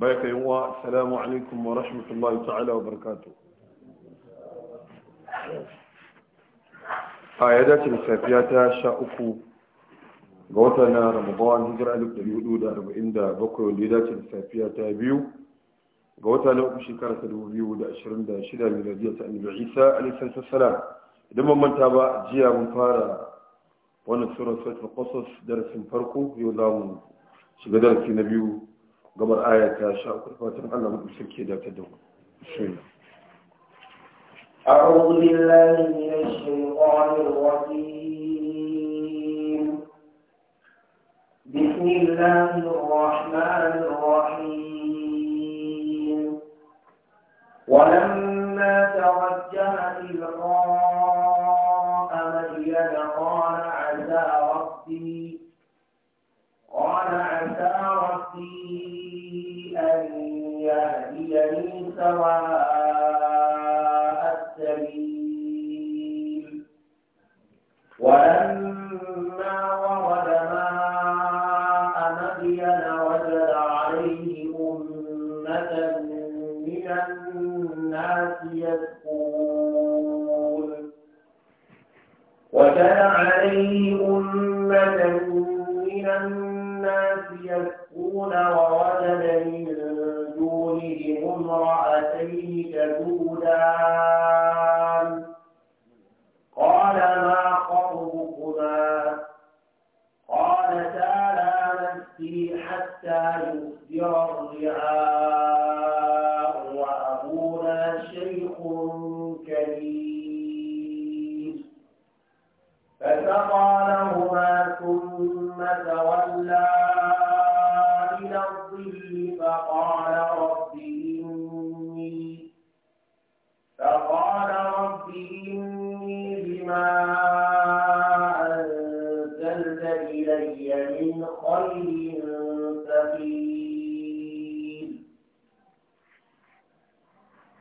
baraka yin wa assalamu alaikum wa rahmatullahi ta'ala wa barakatuh a ya dace da safiya ta sha uku ga wata na ramadan hijira bakwai wanda ya dace da safiya ta biyu ga wata na uku shekara ta dubu biyu ashirin da 2026 miladiyya ta annabi isa alaihi salam idan ban manta ba jiya mun fara wannan surar suratul qasas darasin farko yau za mu shiga darasi na biyu gabar آية ta sha uku fatan Allah mu sake da ta dawo أعوذ بالله من الشيطان الرجيم بسم الله الرحمن الرحيم ولما توجه إلى يمين سواء السبيل ولما ورد ماء مدين وجد عليه أمة من الناس يسكون وجد عليه أمة من الناس يسكون ووجد من امرأتين تذودان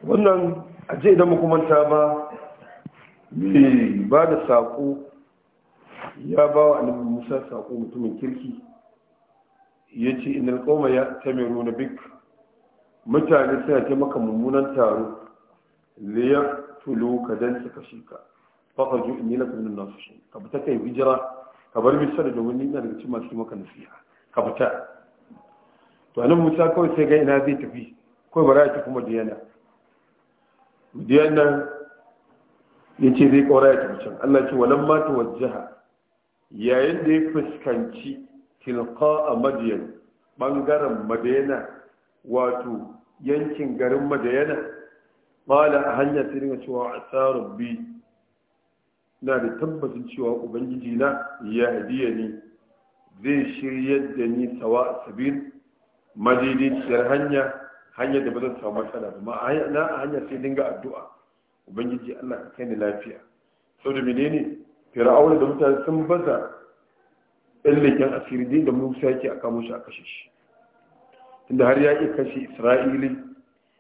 wannan a ce idan makamanta ba mai ba da saƙo ya ba wa annabi musa saƙo mutumin kirki ya ce inda ƙoma ya tamiru na bik mutane suna ta maka mummunan taro liyar tulo ka don su kashe ka faka ju in yi na kundin nasu shi ka fita kai hijira ka bar bisa da domin nina daga cikin masu maka nasiha ka fita to annabi musa kawai sai ga ina zai tafi kawai ba a ci kuma da yana biyan nan ya ce zai ƙaura ya tafi can Allah ce walan ma ta wajaha yayin da ya fuskanci tilka a madiyan bangaren madayana wato yankin garin madayana da a hanyar sai dinga cewa tsarin bi na da tabbacin cewa ubangiji na ya hadiya ni zai shirya da ni sawa sabil madidin hanya hanyar da ba zan samu matsala ba a hanyar sai dinga addu'a ubangiji Allah ka kai ni lafiya saboda menene fir'auna da mutane sun baza ɗan leken asiri din da musa yake a kamo shi a kashe shi tunda har ya iya kashe isra'ili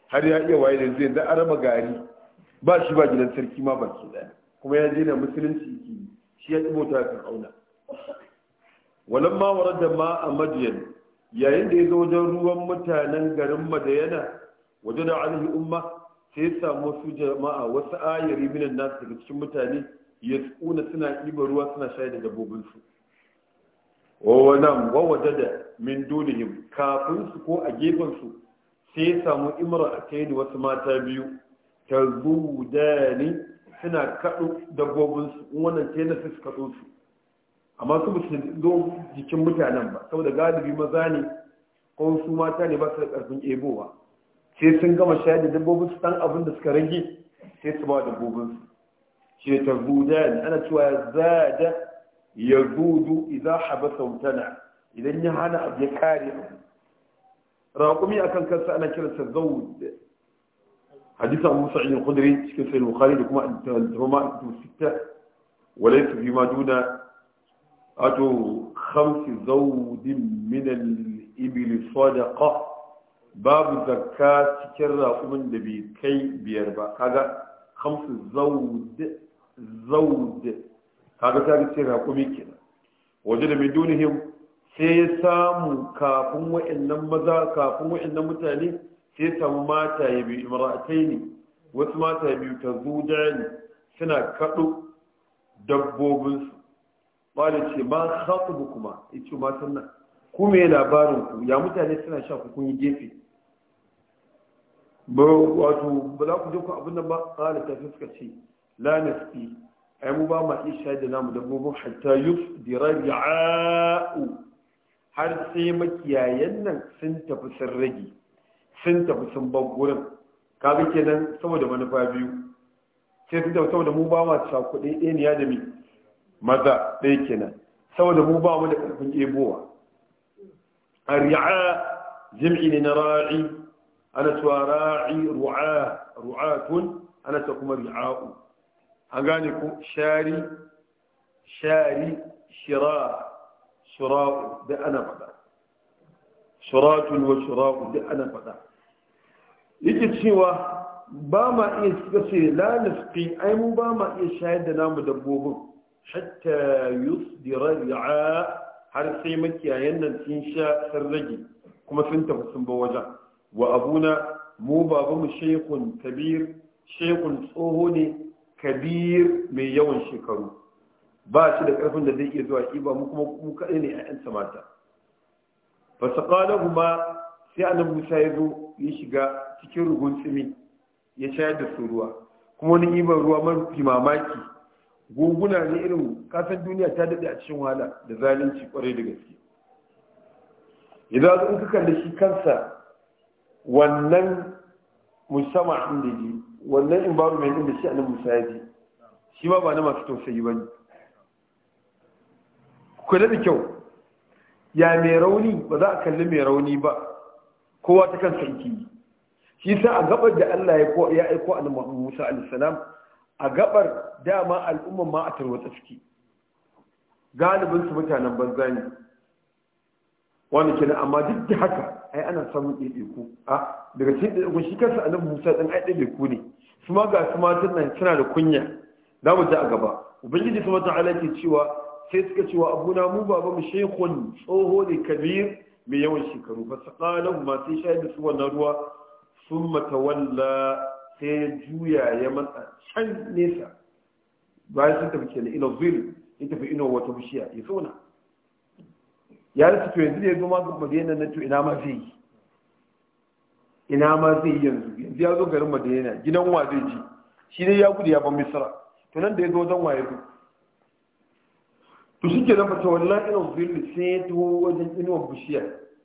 har ya iya waye da zai da araba gari ba shi ba gidan sarki ma baki ɗaya kuma ya je na musulunci shi ya ɗi mota fir'auna walamma waradda ma a madiyan yayin da ya zo wajen ruwan mutanen garin madayana wajen da alihi umma sai ya samu wasu jama'a wasu ayari minan nasu daga cikin mutane ya tsuna suna ɗiba ruwa suna shayar da dabbobinsu wa wawaje da min dunihim kafin su ko a gefen su sai ya samu imra a taini wasu mata biyu ta zuwa suna kaɗo su, wannan taina sai su kaɗo su amma su ba su zo jikin mutanen ba saboda galibi maza ne ko su mata ne ba su da ƙarfin ebowa sai sun gama shayar da dabbobin su san abin da suka rage sai su ba dabbobin su ce ta ne ana cewa zada ya zudu idan habasa sautana idan ya hana abu ya kare abu raƙumi a kan kansa ana kiransa zawud حديث أبو سعيد الخدري في البخاري لكم أن تهمة su وليس ma دون wato khamsi zawdin min al-ibil sadaqa babu zakka cikin raƙumin da bai kai biyar ba kaga khamsu zawd zawd kaga ta ce raƙumi kenan waje da bidunihim sai ya samu kafin wa'annan mutane sai ya samu mata ya bi wasu mata biyu ta zudani suna dabbobin dabbobinsu kwallo ce ba haƙubu kuma ita ba nan. ku me labarin ku ya mutane suna sha ku kun yi gefe ba wato ba za ku je ku abin nan ba ƙara tafi suka ce la nasqi ai mu ba ma iya shayar da namu dabbobin hatta yuf diraja'u har sai makiyayen nan sun tafi sun rage sun tafi sun bar gurin kaga kenan saboda manufa biyu sai sun da saboda mu ba ma cakuɗe ɗaya ne ya da mi maza ɗaya kenan saboda mu ba mu da ƙarfin ebowa a ri'a jim'i ne na ra'i ana cewa ra'i ru'a ru'atun ana ta kuma ri'a'u an gane ku shari shari shira shira'u da ana faɗa shiratun wa shira'u da ana faɗa yake cewa ba ma iya suka ce la nufi ai mu ba ma iya shayar da namu dabbobin hatta yusdira ri'a har sai makiyayen nan sun sha sun rage kuma sun tafi sun ba wajen wa abuna mu babamu shekun kabir shekun tsoho ne kabir mai yawan shekaru ba shi da karfin da zai iya zuwa iba mu kuma mu kaɗai ne ƴaƴan samata fa saqalahu sai annabi Musa ya zo ya shiga cikin rugun tsimi ya shayar da su ruwa kuma wani iban ruwa mafi mamaki guguna ne irin kasan duniya ta daɗe a cikin wahala da zalunci kwarai da gaske idan in ka kalli shi kansa wannan musamman da ji wannan environment din da shi annabi Musa ya ji shi ba ba na masu tausayi bane kula da kyau ya mai rauni ba za a kalli mai rauni ba kowa ta kansa yake yi shi sa a gabar da Allah ya aiko annabi Musa alaihi salam a gabar dama al'umma ma a tarwatsa suke galibin su mutanen banza ne wani kenan amma duk da haka ai ana samun ɗaiɗaiku a daga cikin ɗaiɗaiku shi kansa annabi musa ɗan ai ɗaiɗaiku ne su ma ga su matan nan suna da kunya za mu ji a gaba ubangiji su mata alaƙi cewa sai suka cewa abuna mu baba mu shekun tsoho ne kabir mai yawan shekaru ba su ƙalan ma sai shayar da su wannan ruwa sun mata wallah sai ya juya ya matsa can nesa bayan sun tafi ke kenan ila zuri ya tafi ino wata bishiya ya zauna ya rasa to yanzu ya zo ma madina na to ina ma zai yi ina ma zai yi yanzu yanzu ya zo garin madina gidan wa zai ji shi ne ya gudu ya ban misra to nan da ya zo wajen waye zo to shi ke nan fata wallan ina zuri sai ya taho wajen inuwar bishiya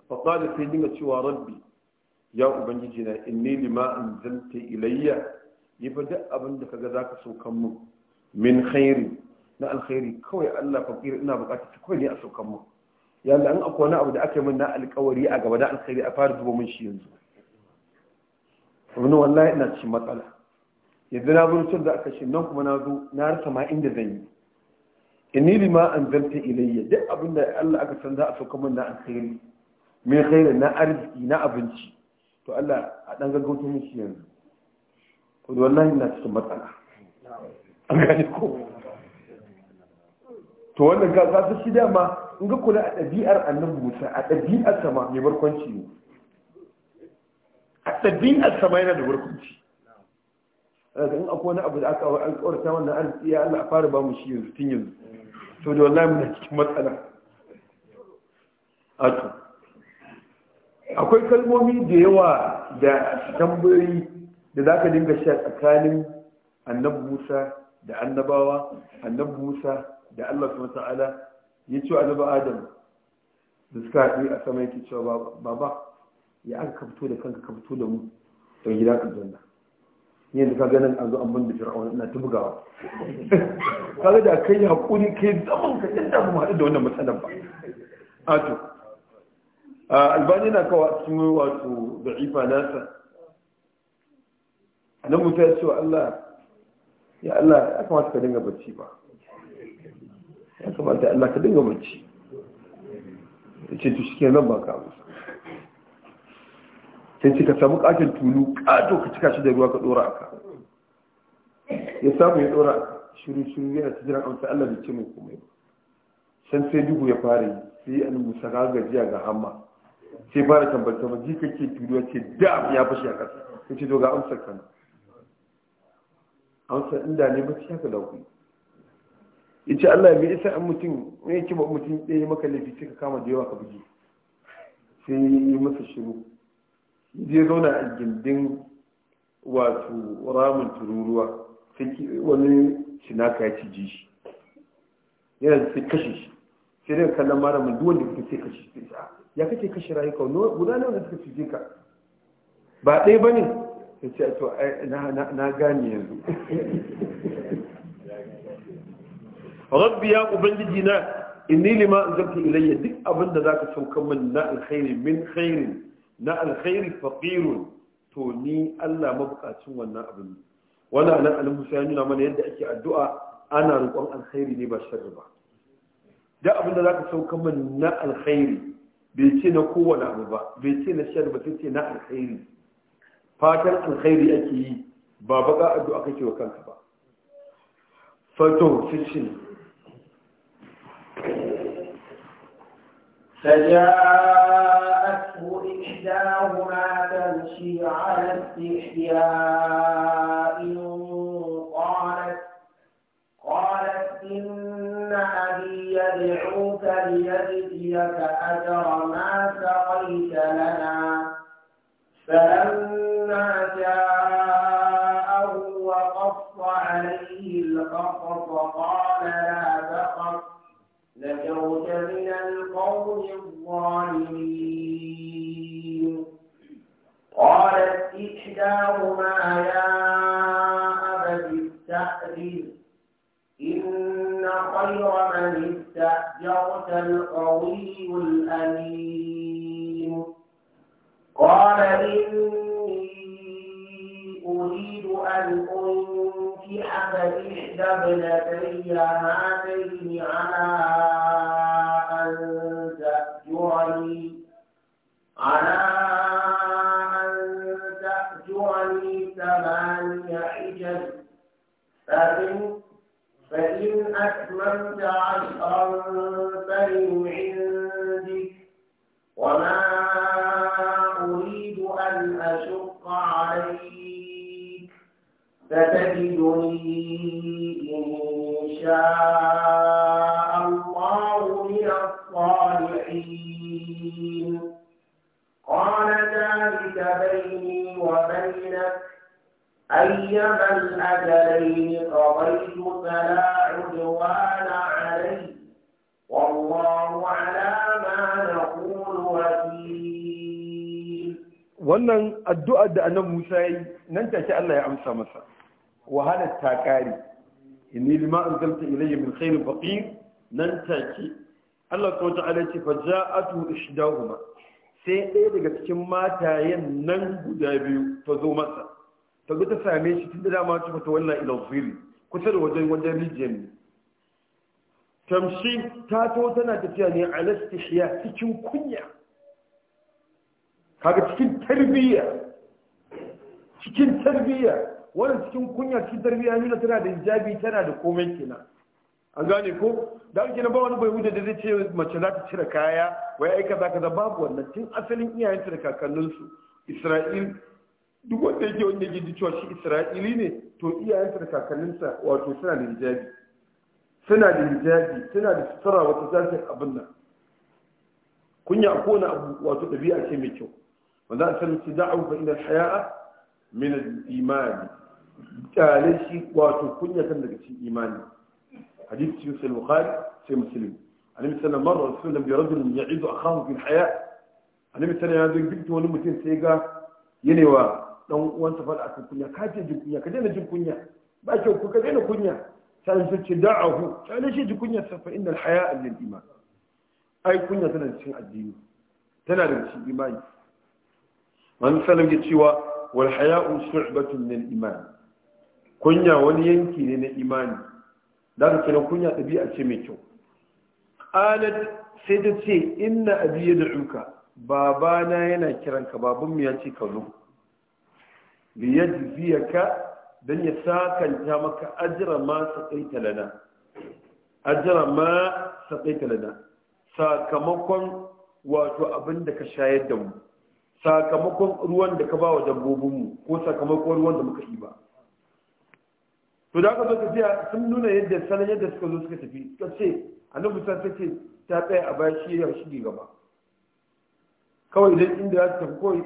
fa qala sai dinga cewa rabbi ya ubangiji na inni lima anzalta ilayya ni fa duk abin da kaga zaka saukan mu min khairi na alkhairi kawai Allah fakir ina bukata ta kawai ne a saukan mu ya Allah in akwai wani abu da aka yi min na alkawari a gaba da alkhairi a fara zuwa mun shi yanzu wani wallahi ina cikin matsala yanzu na burutar da aka shi nan kuma na zo na rasa ma inda zan yi inni lima anzalta ilayya duk abin da Allah aka san za a saukan mun na alkhairi min khairi na arziki na abinci to Allah a ɗan gaggauto mishi yanzu ko da wannan ina cikin matsala an gane ko to wannan ga za su shi dama in ga kula a ɗabi'ar annabi Musa a ɗabi'ar sama mai barkwanci ne a ɗabi'ar sama yana da barkwanci daga in akwai wani abu da aka alƙawarta wannan arziki ya Allah a fara ba mu shi yanzu tun yanzu to da wallahi muna cikin matsala a to akwai kalmomi da yawa da tambayoyi da za ka dinga sha tsakanin annabu musa da annabawa annabu musa da allah su ta'ala ya ce annabu adam da suka haɗu a sama yake cewa baba ya aka ka da kanka ka da mu da gida ka zanna da ka ganin a zo an da fir'auna ina ta bugawa kaga da kai hakuri kai zaman ka inda mu haɗu da wannan matsalar ba albani na kawo cikin wato da ifa nasa na mutu ya ce wa Allah ya Allah ya kamata ka dinga bacci ba ya kamata Allah ka dinga bacci ya ce tushi ke nan ba ka musu sai ce ka samu katin tulu kato ka cika shi da ruwa ka dora aka ya samu ya dora shiru shiru yana ta jiran amsa Allah da ce mai komai ba san sai duhu ya fara yi sai an musa gajiya ga hamma sai da tambar ba ji ke turuwa ce dam ya fashe a ƙasa ya ce to ga amsar kana amsar inda ne mace haka lauku. ku ya ce allah mai isa an mutum ne yake ba mutum ɗaya maka laifi sai ka kama da yawa ka buge sai yi masa shiru Zai zauna a gindin wato ramin tururuwa sai wani shinaka ya ci jishi. yana da sai kashe shi sai dai kallon malamin duwanda wanda kuka sai kashe sai sa'a ya kake kashe rayuka guda nawa da suka cije ka ba ɗaya ba ne ya ce to na gane yanzu rabbi ya ubangiji na inni lima zarta ilayya duk abin da zaka sauka min na alkhairi min khairin na alkhairi faqirun to ni Allah mabukacin wannan abin wanda nan al-Musa ya nuna mana yadda ake addu'a ana roƙon alkhairi ne ba sharri ba duk abin da zaka sauka min na alkhairi bai ce na kowane abu ba bai ce na shan ba sai ce na alkhairi fatan alkhairi ake yi ba baka addu'a kake wa kanka ba fato fitin فجاءته إحداهما تمشي على استحياء كلاهما يا أبت استأذن إن خير من استأجرت القوي الأمين قال إني أريد أن أنكح فإحدى ابنتي هاتين على أن تأجرني على فإن أكملت عشرا فمن عندك وما أريد أن أشق عليك فتجدني إن شاء الله من الصالحين قال ذلك بيني وبينك أيما الأجلين قضيت فلا عدوان علي والله على ما نقول وكيل wannan addu'ar da annabi Musa yi nan take Allah ya amsa masa wahalar ta kare inni lima anzalta ilayya min khairin faqir nan take Allah ta wata ala ce faja'atu ishdahuma sai ɗaya daga cikin matayen nan guda biyu ta zo masa ta ta same shi tun da dama ta fata wannan ilofiri kusa da wajen wajen rijiyar ne tamshi ta to tana tafiya ne a nastishiya cikin kunya kaga cikin tarbiyya cikin tarbiyya wannan cikin kunya cikin tarbiyya nuna tana da hijabi tana da komai kenan A gane ko da ake na ba wani bai wuce da zai ce mace za ta cire kaya wai aika za ka zaba babu wannan tun asalin iyayen da kakanninsu isra'il duk wanda yake wanda yake cewa shi isra'ili ne to iyayensa da kakanninsa wato suna da hijabi suna da hijabi suna da sutura wata zafin abin nan kunya a kowane abu wato ɗabi'a ce mai kyau wanda an sami da abu fa idan haya'a min imani kyale shi wato kunya kan daga cikin imani hadith cikin sai bukhari sai muslim annabi sallallahu alaihi wasallam bi rajulin ya'idu akahu fil haya annabi sallallahu alaihi wasallam ya zo gidda wani mutum sai ga yanewa dan uwansa fal a kunya ka ce jin kunya ka daina jin kunya ba kyau ku ka daina kunya sai sun ce da'ahu sai shi ji kunya sa fa innal haya'a lil iman ai kunya tana cikin addini tana da cikin imani wani salam ya cewa wal haya'u shu'batun min iman kunya wani yanki ne na imani da ka kira kunya ɗabi'a ce mai kyau qalat sai ta ce inna abi yad'uka babana yana kiranka babanmu ya ce ka zo liyajziyaka dan ya sakanta maka ajra ma saqaita lana ajra ma saqaita lana sakamakon wato abinda ka shayar da mu sakamakon ruwan da ka ba wa mu ko sakamakon ruwan da muka yi ba to da aka zo tafiya sun nuna yadda sanan yadda suka zo suka tafi ta ce annabi ta ta ce ta tsaya a baya shi ya shi gaba kawai idan inda za ta tafi kawai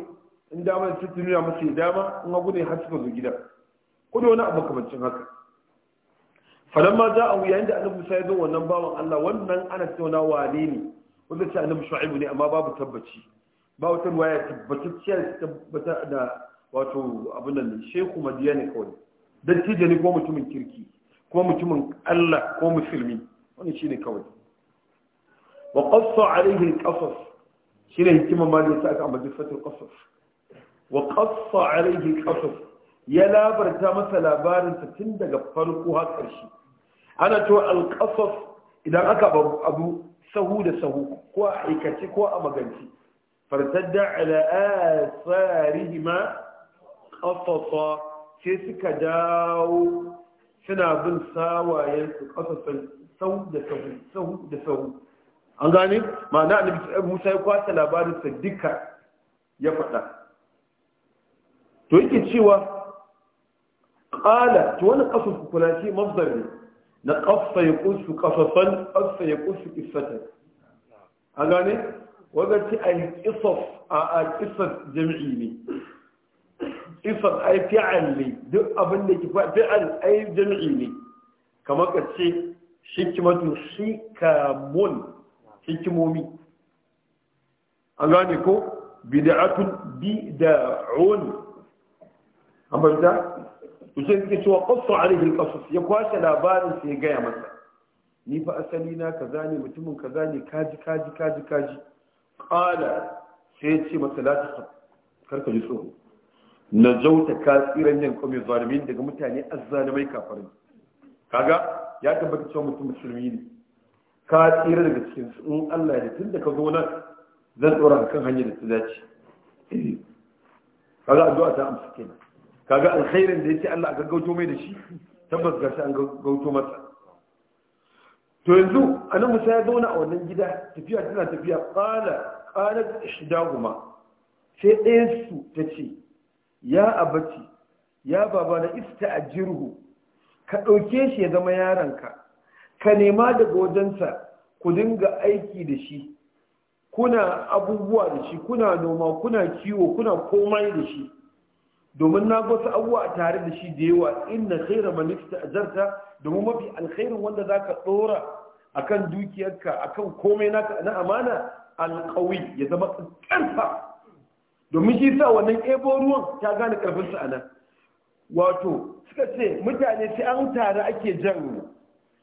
in dama da cikin nuna masu dama in hagu ne har suka zo gida ko da wani abu kamancin haka falamma za a wuya da annabi musa ya zo wannan bawan allah wannan ana tattauna wane ne wanda ce annabi shu'aibu ne amma babu tabbaci ba wata ruwaya ce tabbata da wato abin nan shehu madiya ne kawai dattijo ne ko mutumin kirki ko mutumin allah ko musulmi wani shi ne kawai wa qassa alaihi al-qasas shine hikimar ma da sa aka ambaci fatul qasas wa qassa alaihi qasas ya labarta masa labarin sa tun daga farko har ƙarshe ana to al idan aka abu sahu da sahu ko a aikace ko a maganci fartadda ala asarihima qasasa sai suka dawo suna bin sawayen su qasasan sahu da sahu sahu da sahu an gane ma'ana annabi Musa ya kwasa labarin sa duka ya faɗa to yake cewa ƙala to wani ƙasar kukula ce mafzar ne na ƙafsa ya ƙusu ƙafafan ƙafa ya ƙunshi ƙisatan a gane wadda ce a yi ƙisaf a ƙisar jami'i ne ƙisar ai fi'al ne duk abin da ke fi'al yi jami'i ne kamar ka ce shi hikimatu shikamun hikimomi A gane ko bida'atun bida'un an fahimta to cewa suke a qasu alaihi alqasas ya kwashe labarin sai ya gaya masa ni fa asali na kaza ne mutumin kaza ne kaji kaji kaji kaji qala sai ya ce masa la ta karka ji tsoro na jauta ka tsiran yan kome zalimin daga mutane azzalimai kafarin. kaga ya tabbata cewa mutum musulmi ne ka tsira daga cikin su in Allah ya tun da ka zo nan zan tsora kan hanyar da ta dace kaga addu'a ta amsa kenan kaga alkhairin da yake Allah a gaggauto mai da shi tabbas ga shi an gaggauto masa to yanzu anan musa ya zauna a wannan gida tafiya tana tafiya qala qalat ihdahuma sai ɗaya su tace ya abati ya baba na ista'jirhu ka dauke shi ya zama yaranka ka nema daga wajensa ku dinga aiki da shi kuna abubuwa da shi kuna noma kuna kiwo kuna komai da shi domin na ga wasu abubuwa a tare da shi da yawa inna khaira a zarta, domin mafi alkhairin wanda zaka dora kan dukiyarka akan komai naka na amana alqawi ya zama karfa domin shi sa wannan ebo ruwan ta gane karfin sa anan wato suka ce mutane sai an tare ake jan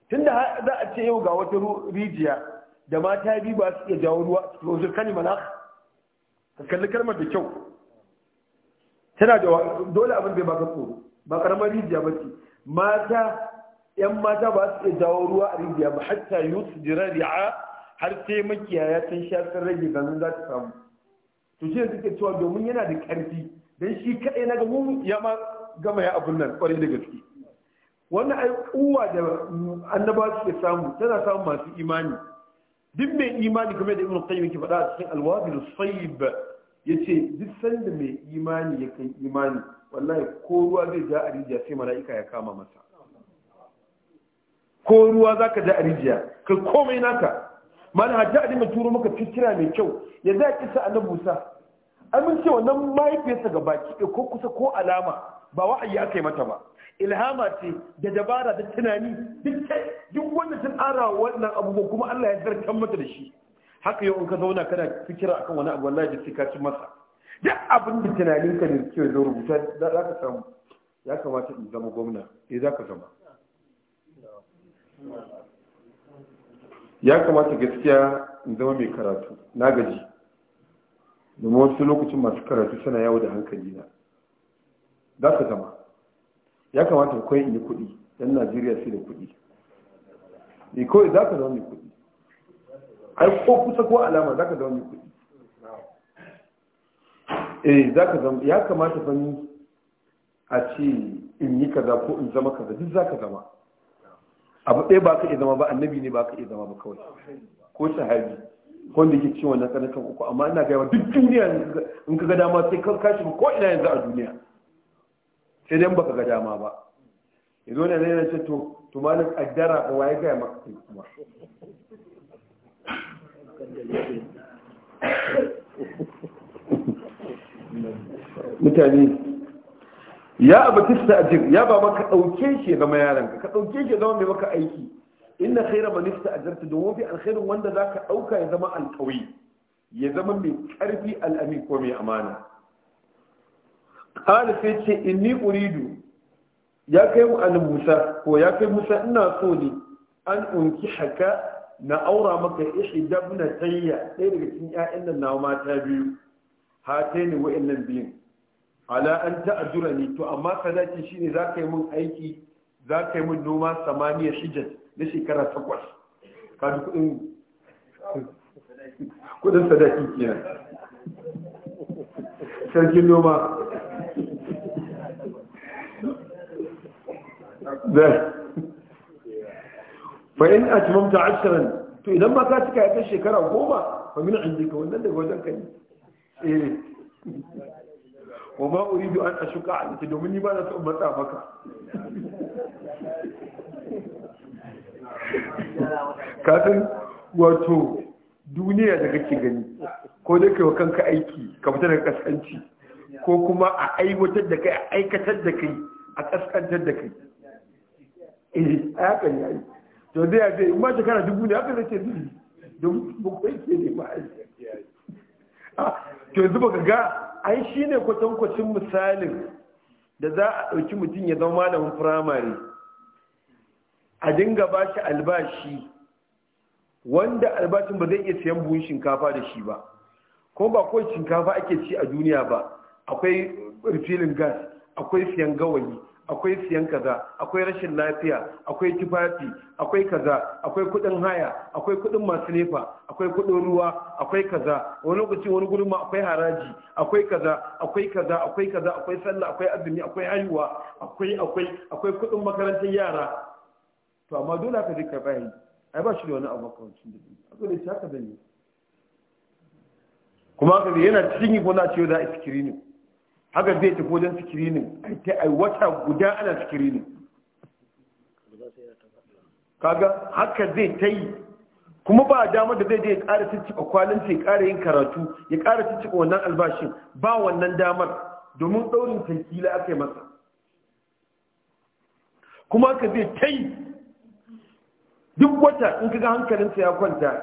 tunda za a ce yau ga wata rijiya da mata biyu ba su iya jawo ruwa a kalmar ka kalli kalmar da kyau tana da dole abin bai baka tsoro ba karamar rijiya ba ce mata yan mata ba su iya jawo ruwa a rijiya ba hatta yi su jira ri'a har sai makiyaya sun sha sun rage ganin za ta samu to shi suke cewa domin yana da karfi don shi kaɗai na ga mu ya ma gama ya abun nan kwarai da gaske wannan ai kuwa da annaba suke samu tana samun masu imani duk mai imani kuma da ibn qayyim ke faɗa a cikin alwabil sayyib ya ce duk sanda mai imani ya kai imani wallahi ko ruwa zai ja a rijiya sai mala'ika ya kama masa ko ruwa za ka ja a rijiya ka komai naka mana hajji a mai turo maka fikira mai kyau ya za kisa a annabi musa amin ce wannan mahaifiyarsa ga baki ko kusa ko alama ba wa'ayi aka yi mata ba ilhama ce da dabara da tunani duk wannan wanda ta wannan abubuwa kuma Allah ya zartar mata da shi haka yau in ka zauna kana fikira akan wani abu wallahi sai ka ci masa duk abin da tunanin ka ne ke zo rubuta za ka samu ya kamata in zama gwamna eh za ka zama ya kamata gaskiya in zama mai karatu na gaji domin wasu lokacin masu karatu suna yawo da hankali na za ka zama ya kamata kawai in yi kuɗi don najeriya sai da kuɗi ne eh, kawai za ka zama mai kuɗi ai ko kusa ko alama za ka zama mai kuɗi eh za ka zama ya kamata ban a ce in yi kaza ko in zama kaza duk za ka zama abu ɗaya ba ka iya zama ba annabi ne ba ka iya zama ba kawai ko sahabi ko wanda yake ciwon na tsanakan uku amma ina gaya duk duniya in ka ga dama sai kan kashi ko ina yanzu a duniya sai dai baka ga dama ba yanzu ne ne ce to to malam addara ba waye gaya maka kuma mutane ya abu tista ajir ya ba maka ɗauke shi ga mayaran ka ɗauke shi zama mai maka aiki inna khaira man ista'jarta domin fi alkhairin wanda zaka ɗauka ya zama alƙawi ya zama mai ƙarfi al'amin ko mai amana qala sai ce inni uridu ya kai mu musa ko ya kai musa ina so ne an unki haka na aura maka ishi dabna tayya ɗaya daga cikin ƴaƴan nan na mata biyu hataini wa'annan biyun ala an dura ni to amma sadaki shine za ka yi min aiki za ka yi min noma samaniya shijar na shekara takwas ka ji kuɗin kudin sadaki kenan sarkin noma fa in atmamta ashirin to idan ba ka cika ya shekara goma fa min jika wannan daga wajen ka ne eh wa ma uridu an ashuka alayka domin ni ba na tsohon matsa maka ka san wato duniya da kake gani ko da kai wa kanka aiki ka fita daga kaskanci ko kuma a aiwatar da kai a aikatar da kai a kaskantar da kai eh haka ne to da ya zai ma shekara dubu ne haka zai ce dubu don bakwai ke ne ma to yanzu baka ga ai shi ne kwatankwacin misalin da za a ɗauki mutum ya zama malamin firamare a dinga ba shi albashi wanda albashin ba zai iya sayan buhun shinkafa da shi ba ko ba kawai shinkafa ake ci a duniya ba akwai refilling gas akwai siyan gawayi akwai siyan kaza akwai rashin lafiya akwai tufafi akwai kaza akwai kudin haya akwai kudin masu nefa akwai kudin ruwa akwai kaza wani lokaci wani gurin ma akwai haraji akwai kaza akwai kaza akwai kaza akwai sallah akwai azumi akwai haihuwa akwai akwai akwai kudin makarantar yara to amma dole ka dika bayani ai ba shi da wani abu makamancin da abu da shi haka zan yi kuma haka yana cikin yi ko na ciwo da a ne haka zai tafi wajen sikirinin yi wata guda ana sikirinin kaga haka zai ta yi kuma ba damar da zai da ya kara cikin kwalinsa ya kara yin karatu ya kara cikin wannan albashin ba wannan damar domin ɗaurin tankila aka yi masa kuma haka zai ta yi duk wata in kaga hankalinsa ya kwanta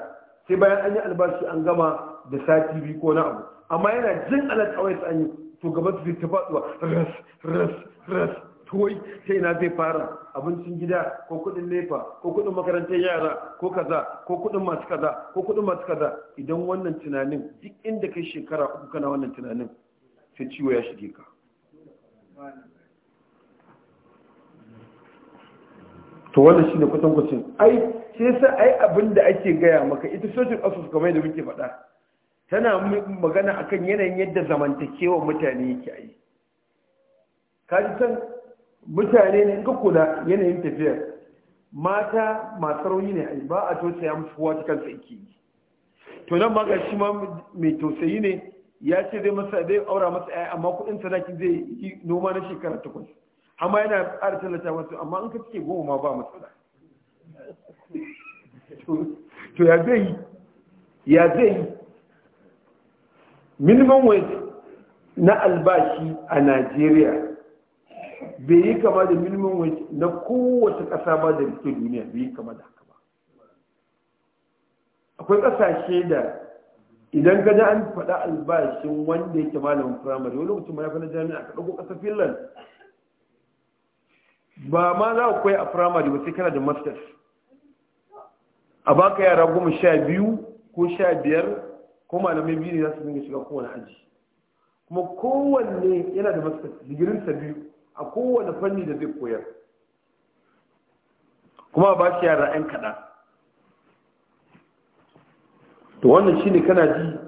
sai bayan an yi albashi an gama da sati biyu ko na abu amma yana jin alaƙawai an yi to gaban zai ta faduwa ras ras ras tuwai sai na zai fara abincin gida ko kudin nefa ko kudin makarantar yara ko kaza ko kudin masu kaza ko kudin masu kaza idan wannan tunanin duk inda kai shekara uku kana wannan tunanin sai ciwo ya shige ka to wannan shine kwatankwacin ai sai sai ai abin da ake gaya maka ita social office kamar yadda muke faɗa tana magana akan yanayin yadda zamantakewa mutane yake yi kaji san mutane ne ga kula yanayin tafiyar mata masu rauni ne ba a tausaya musu kowa ta kansa yake yi to nan ma shi ma mai tausayi ne ya ce zai masa zai aura masa 'ya'ya, amma kudin sanakin zai yi noma na shekara takwas amma yana ƙara tallata masu amma in ka cike goma ma ba da to ya zai yi ya zai yi minimum wage na albashi a najeriya bai yi kama da minimum wage na kowace ƙasa ba da rike duniya bai yi kama da haka ba akwai ƙasashe da idan gada an faɗa albashin wanda yake malamin firamare wani mutum ya na jami'a ka ɗauko ƙasar finland ba ma za ku kai a firamare ba sai kana da masters a baka yara goma sha biyu ko sha biyar ko malamai biyu ne za su dinga shiga kowane aji kuma kowanne yana da masu digirin sa biyu a kowane fanni da zai koyar kuma ba shi yara 'yan kaɗan to wannan shine kana ji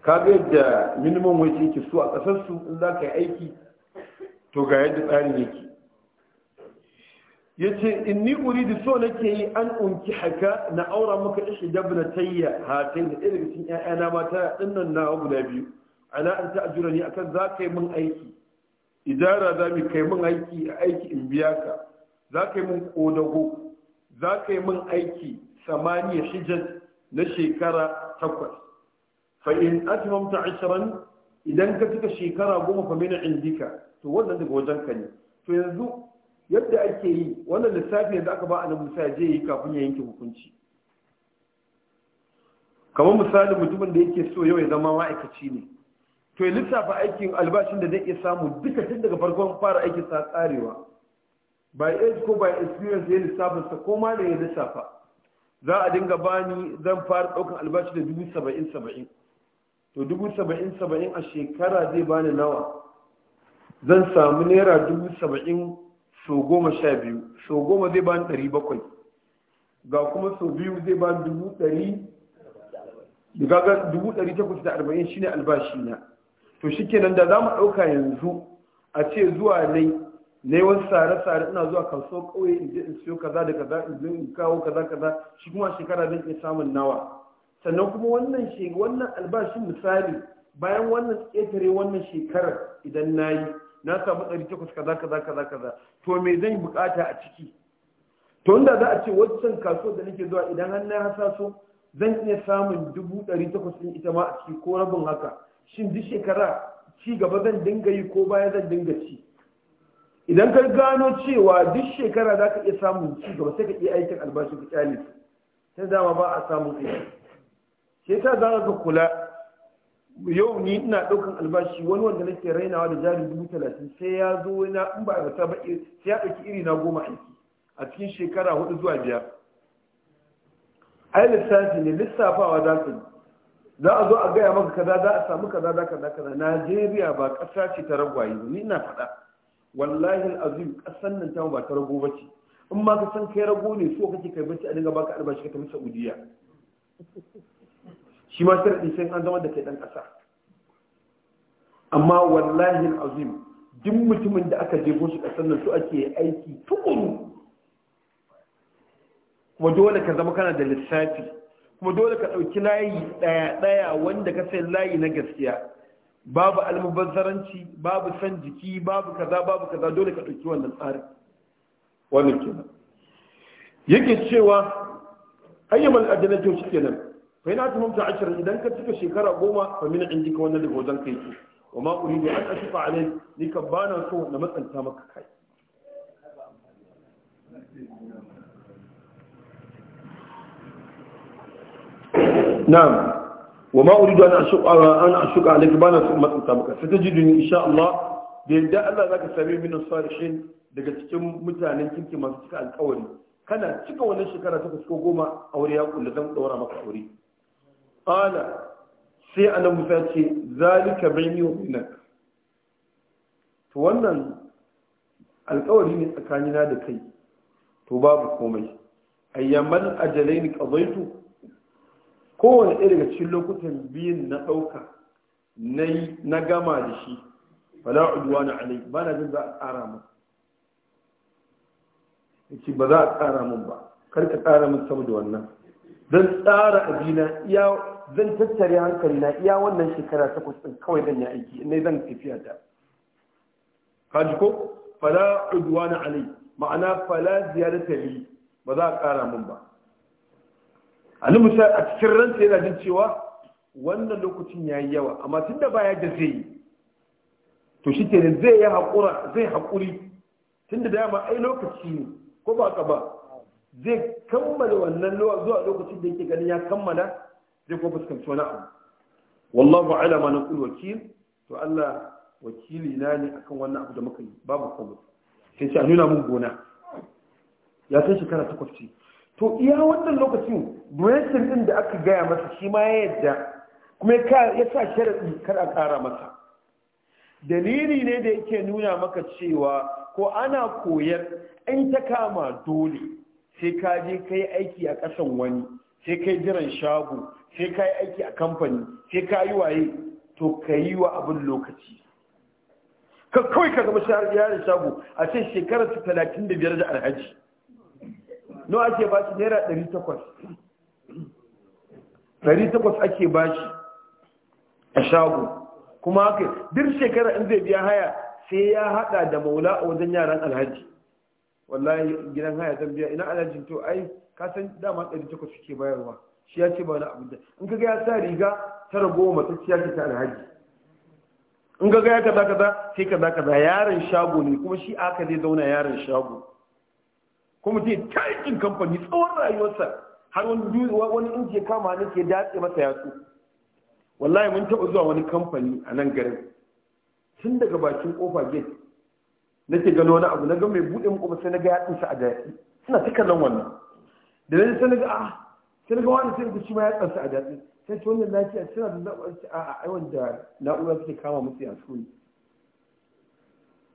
ka ga yadda minimum wage yake so a kasarsu in za ka yi aiki to ga yadda tsarin yake ya ce inni da so nake yi an unki haka na aura muka ishi dabna tayya hatai da irin cikin ƴaƴana mata dinnan na guda biyu ana an ta ajura ni akan za ka yi min aiki idara za mu kai min aiki a aiki in biya ka za ka yi min kodago za ka yi min aiki samaniya hijaz na shekara takwas fa in atmamta 20 idan ka cika shekara goma fa min indika to wannan daga ka ne to yanzu yadda ake yi wannan lissafi da aka ba annabi Musa je yi kafin ya yanke hukunci kamar misali mutumin da yake so yau ya zama ma'aikaci ne to ya lissafa aikin albashin da zai iya samu duka tun daga farkon fara aikin sa tsarewa by age ko by experience ya lissafa sa ko ma da ya lissafa za a dinga bani zan fara daukan albashi da dubu saba'in to dubu saba'in a shekara zai bani nawa zan samu naira dubu so goma sha biyu so goma zai bani ɗari bakwai ga kuma so biyu zai bani dubu ɗari daga dubu ɗari takwas da arba'in shine albashi na to shikenan da za mu ɗauka yanzu a ce zuwa nai na yawan tsare tsare ina zuwa kasuwar ƙauye in je in siyo kaza da kaza in je in kawo kaza kaza shi kuma shekara zan iya samun nawa sannan kuma wannan wannan albashin misali bayan wannan ƙetare wannan shekarar idan na yi na samu ɗari takwas kaza kaza kaza kaza to me zan bukata a ciki to inda za a ce wancan kaso da nake zuwa idan har na hasaso zan iya samun dubu dari takwas ɗin ita ma a ciki ko rabin haka shin duk shekara ci gaba zan dinga yi ko baya zan dinga ci idan ka gano cewa duk shekara za ka iya samun ci gaba sai ka iya aikin albashin ka ta dama ba a samun aiki sai ta za ka kula yau ni ina ɗaukan albashi wani wanda nake rainawa da jari dubu talatin sai ya zo na in ba a ba eh, sai ya ɗauki iri na goma aiki a cikin shekara hudu zuwa biyar ai lissafi ne lissafawa za su za a zo a gaya maka kaza za a samu kaza za kaza kaza najeriya ba ƙasa ce ta ragwaye ba ni ina faɗa wallahi azim ƙasan nan ta ba ta rago ba ce in ma ka san kai rago ne so kake kai bacci a dinga baka albashi ka tafi saudiya shi ma sharɗi sai an zama da kai ɗan ƙasa amma wallahi azim duk mutumin da aka jefo shi ƙasar nan su ake aiki tukuru kuma dole ka zama kana da lissafi kuma dole ka ɗauki layi ɗaya-ɗaya wanda ka sai layi na gaskiya babu almubazzaranci babu san jiki babu kaza babu kaza dole ka ɗauki wannan tsari. wannan kenan yake cewa ayyamal shi kenan فإن أتهم تعشر إذا كتك شكرا قوما فمن عندك ونالي غوزان كيتو وما أريد أن أشف عليه لكبانا كو نمت أن تامك كاي نعم وما أريد أن أشف أن أشف عليه كبانا نمت أن تامك ستجدني إن شاء الله بإن الله ذاك السبيل من الصالحين daga cikin mutanen kinki masu cika alkawari kana cika wannan shekara ta fuskogoma a wuri ya ƙala sai a ana musa ce zalika bai wa minak to wannan alkawari ne tsakanina da kai to babu komai ayyaman ajalai ni ƙazaitu kowane ɗaya daga cikin lokutan biyun na ɗauka na gama da shi na uduwa na alai ba na jin za a tsara mu ba za a tsara mun ba kar ka tsara mun saboda wannan don tsara abina iya zan tattare hankali na iya wannan shekara takwas ɗin kawai zan ya aiki ne zan tafiya ta kaji ko fala na alai ma'ana fala ziyarata yi, ba za a ƙara mun ba ali musa a cikin ranta yana jin cewa wannan lokacin ya yi yawa amma tun da baya da zai yi to shi ke zai yi haƙuri tun da dama ai lokaci ne ko ba ka ba zai kammala wannan zuwa lokacin da yake ganin ya kammala zai kuma fuskanci wani abu wallahu ala ma naqul wakil to Allah wakili na ne akan wannan abu da muka yi babu komai sai sai a nuna mun gona ya san shekara takwas ce to iya wannan lokacin duration din da aka gaya masa shi ma ya yadda kuma ya sa sharaɗi kar a ƙara masa dalili ne da yake nuna maka cewa ko ana koyar in ta kama dole sai ka je ka yi aiki a ƙasan wani sai ka yi jiran shago sai ka yi aiki a kamfani sai ka yi waye to ka yi wa abin lokaci ka kawai ka zama yaron shago a ce shekarar ta talatin da biyar da alhaji no ake ba shi naira ɗari takwas ɗari takwas ake ba shi a shago kuma haka duk shekara in zai biya haya sai ya haɗa da maula a wajen yaran alhaji wallahi gidan haya zan biya ina alhajin to ai ka san dama ɗari takwas suke bayarwa shi ya ce ba wani abin da in ka ga ya sa riga ta ragowa matsacciya ce ta alhaji in ga ya kaza kaza sai kaza kaza yaron shago ne kuma shi aka zai zauna yaron shago kuma ce taikin kamfani tsawon rayuwarsa har wani wani in ke kama ne ke datse masa yatsu wallahi mun taɓa zuwa wani kamfani a nan garin tun daga bakin kofa gate nake gano wani abu na ga mai buɗe mu kuma sai na ga yatsun tsinsa a da suna ta kallon wannan da nan sai na ga ah sai na ga wani sai ga shi ma yatsun tsinsa a da sai ce wannan lafiya suna da zaɓa a a ai da na'ura suke kama musu yatsu ne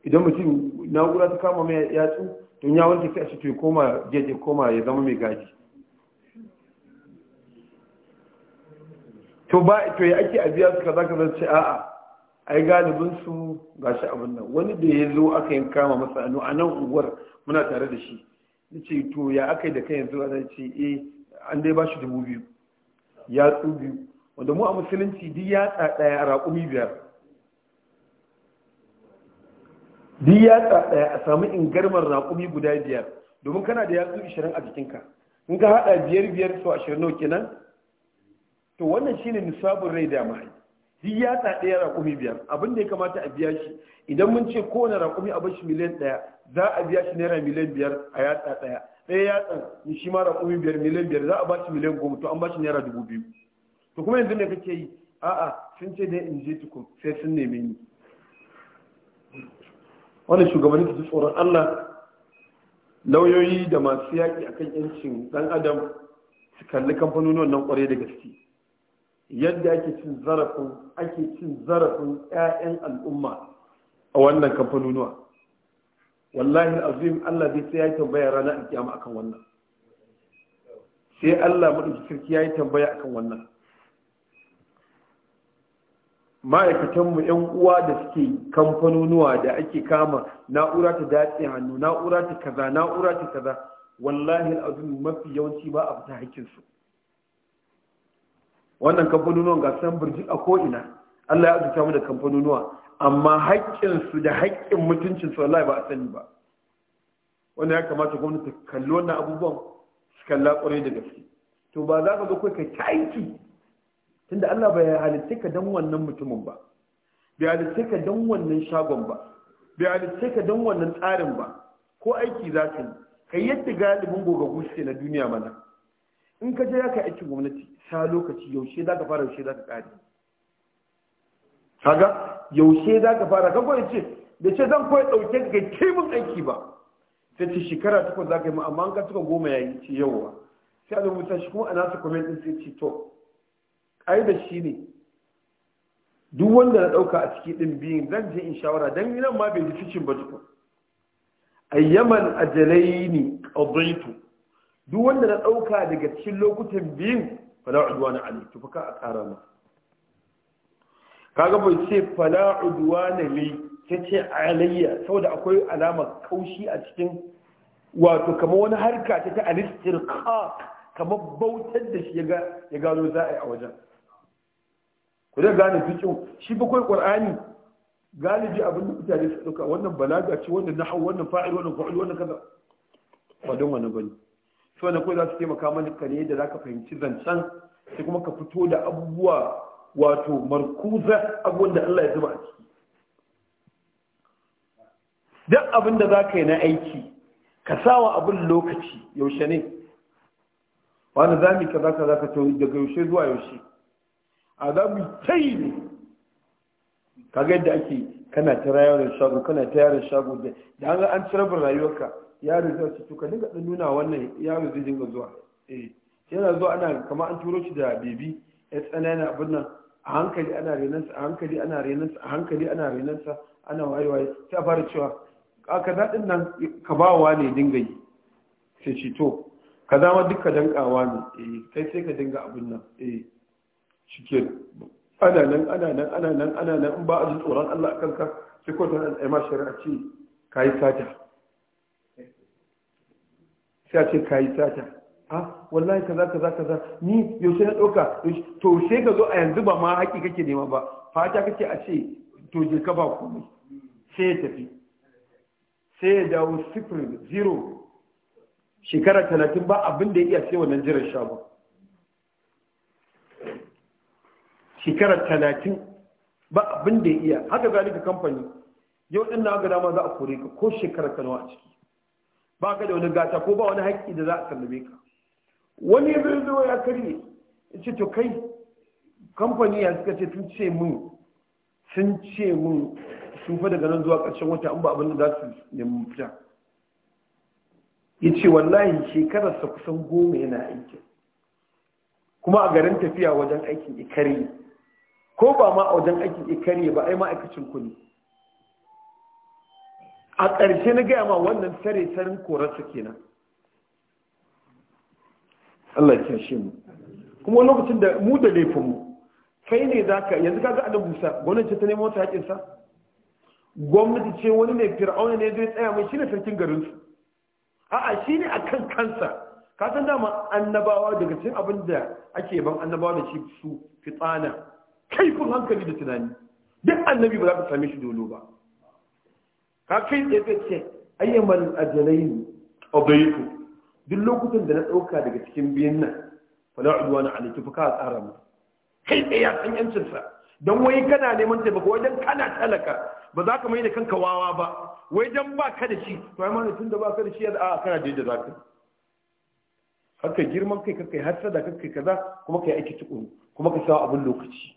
idan mutum na'ura ta kama mai yatsu to ya wanke sai a shi to ya koma ya koma ya zama mai gaji to ba to ya ake a biya su kaza kaza ce a'a ai galibin su shi abin nan wani da ya zo aka yin kama masa anu a nan unguwar muna tare da shi na ce to ya aka yi da kai yanzu ana ce eh an dai ba shi dubu biyu ya tsu biyu wanda mu a musulunci duk ya ɗaya a raƙumi biyar duk ya ɗaya a samu ingarmar raƙumi guda biyar domin kana da yatsu ishirin a jikinka in ka haɗa biyar biyar su ashirin nau kenan to wannan shine nisabun rai da mahai zai ya ɗaya raƙumi biyar abin da ya kamata a biya shi idan mun ce kowane raƙumi a bashi miliyan ɗaya za a biya shi naira miliyan biyar a yatsa ɗaya ɗaya yatsa shi ma raƙumi biyar miliyan biyar za a ba miliyan goma to an ba shi naira dubu biyu to kuma yanzu me kake yi a'a sun ce dai in je tukun sai sun neme ni wannan shugabanni su tsoron Allah lauyoyi da masu yaƙi akan yancin ɗan adam su kalli kamfanonin wannan ƙwarai da gaske yadda ake cin zarafin ake cin zarafin 'ya'yan al'umma a wannan kamfanonuwa wallahi azim Allah bai sai ya tambaya ranar alkiyama akan wannan sai Allah madauki sarki ya yi tambaya akan wannan ma'aikatanmu 'yan uwa da suke kamfanonuwa da ake kama na'ura ta dace hannu na'ura ta kaza na'ura ta kaza wallahi azim mafi yawanci ba a fita hakkinsu wannan kamfanonuwan ga san birji a ko'ina Allah ya azurta mu da kamfanonuwa amma haƙƙinsu da haƙƙin su Allah ba a sani ba wanda ya kamata gwamnati ta kalli wannan abubuwan su kalla ƙwarai da gaske to ba za ka zo kai ka aiki tunda Allah bai halitta ka dan wannan mutumin ba bai halitta ka dan wannan shagon ba bai halitta ka dan wannan tsarin ba ko aiki za ka yi kai yadda galibin gogaggu suke na duniya mana in ka je ya ka aikin gwamnati sa lokaci yaushe za ka fara yaushe za ka kare kaga yaushe za ka fara ka kawai ce da ce zan kawai ɗauke ka kai aiki ba ta ce shekara takwas za ka yi amma an ka goma ya yi ce yawa sai a rubuta shi kuma a nasa comment din sai ce to ai da shi ne duk wanda na ɗauka a ciki ɗin biyun zan je in shawara don nan ma bai ji cikin ba tukun ayyaman ajalai ne duk wanda na ɗauka daga cikin lokutan biyun fala udwana ali to fa a ƙara ma kaga bai ce fala udwana li ta ce alayya saboda akwai alama kaushi a cikin wato kamar wani harka ta ta alistirqa kamar bautar da shi ya gano za a yi a wajen ku da gane fikin shi bakwai qur'ani galibi abin da mutane su ɗauka wannan balaga ce wannan nahwu wannan fa'il wannan fa'il wannan kaza ba don wannan bane su wannan kawai za su taimaka maka ne da za ka fahimci zancen sai kuma ka fito da abubuwa wato markuza abubuwan da Allah ya zuba a ciki duk abin da za ka yi na aiki ka sawa abin lokaci yaushe ne wani zami ka za ka za ka daga yaushe zuwa yaushe a zami tai ne ga yadda ake kana ta rayuwar shago kana ta yaran shago da an an ci rayuwarka yaro zai ci tuka dinga dan nuna wannan yaro zai dinga zuwa eh yana zuwa ana kamar an turo shi da bebi ya yana abin nan a hankali ana sa a hankali ana sa a hankali ana sa ana wayewaye sai a fara cewa a kaza din nan ka ba wa ne dinga yi sai ci to kaza ma duka dankawa ne eh kai sai ka dinga abin nan eh shikenan ana nan ana nan ana nan ana nan in ba a ji tsoron Allah kanka sai ko ta ai ma shari'a ce kai sata sai ce ka yi sata a ah, wallahi kaza kaza kaza ni yaushe na ɗauka to sai ka zo a yanzu ba ma haƙi kake nema ba fata kake a ce to je ka ba komai sai ya tafi sai ya dawo sifir zero shekara talatin ba abin da ya iya sai wannan jiran sha ba shekara talatin ba abin da ya iya haka zalika kamfani yau ɗin na ga dama za a kore ka ko shekara nawa a ciki ba ka da wani gata ko ba wani haƙƙi da za a sallame ka wani zai zo ya karye ce to kai kamfani ya suka ce sun ce mun sun ce mun sun fa daga nan zuwa ƙarshen wata an ba abin da za su nemi fita ya ce wallahi shekararsa kusan goma yana aiki. kuma a garin tafiya wajen aikin ikari ko ba ma a wajen aikin ikari ba ai ma'aikacin kuni ne a ƙarshe na gaya ma wannan sare sarin korarsa kenan Allah ya kyashe mu kuma lokacin da mu da laifinmu kai ne za ka yanzu ka ga adam Musa gwamnati ta nemo ta haƙinsa gwamnati ce wani ne fir'auna ne zai tsaya mai shine sarkin garin su a'a shine akan kansa ka san dama annabawa daga cikin abin da ake ban annabawa da shi su fitsana kaifin hankali da tunani duk annabi ba za ka same shi dolo ba ka kai tsaye zai ce ayyamal ajalai obaiku duk lokutan da na ɗauka daga cikin biyan nan fala uduwa na alaitu fa ka tsara mu kai tsaye ya san yancinsa don wai kana neman taimako wajen kana talaka ba za ka mai da kanka wawa ba wai don ba ka da shi to ai mana tunda ba ka da shi a kana da yadda za ka haka girman kai kai kakai hasada kai kaza kuma kai aiki tukuru kuma ka sawa abin lokaci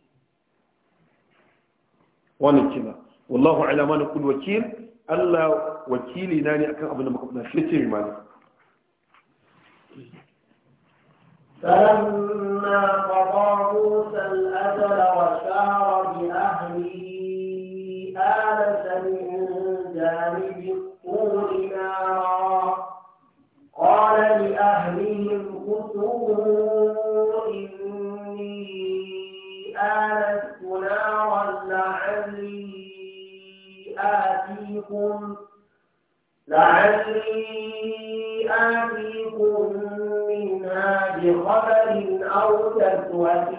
wannan kina wallahu ala ma naqul wakil Allah wakili na ne akan abin da muka fada shi ce ma فلما قضى موسى الأجل وسار بأهله آتيكم لعلي آتيكم منها بخبر أو تسوة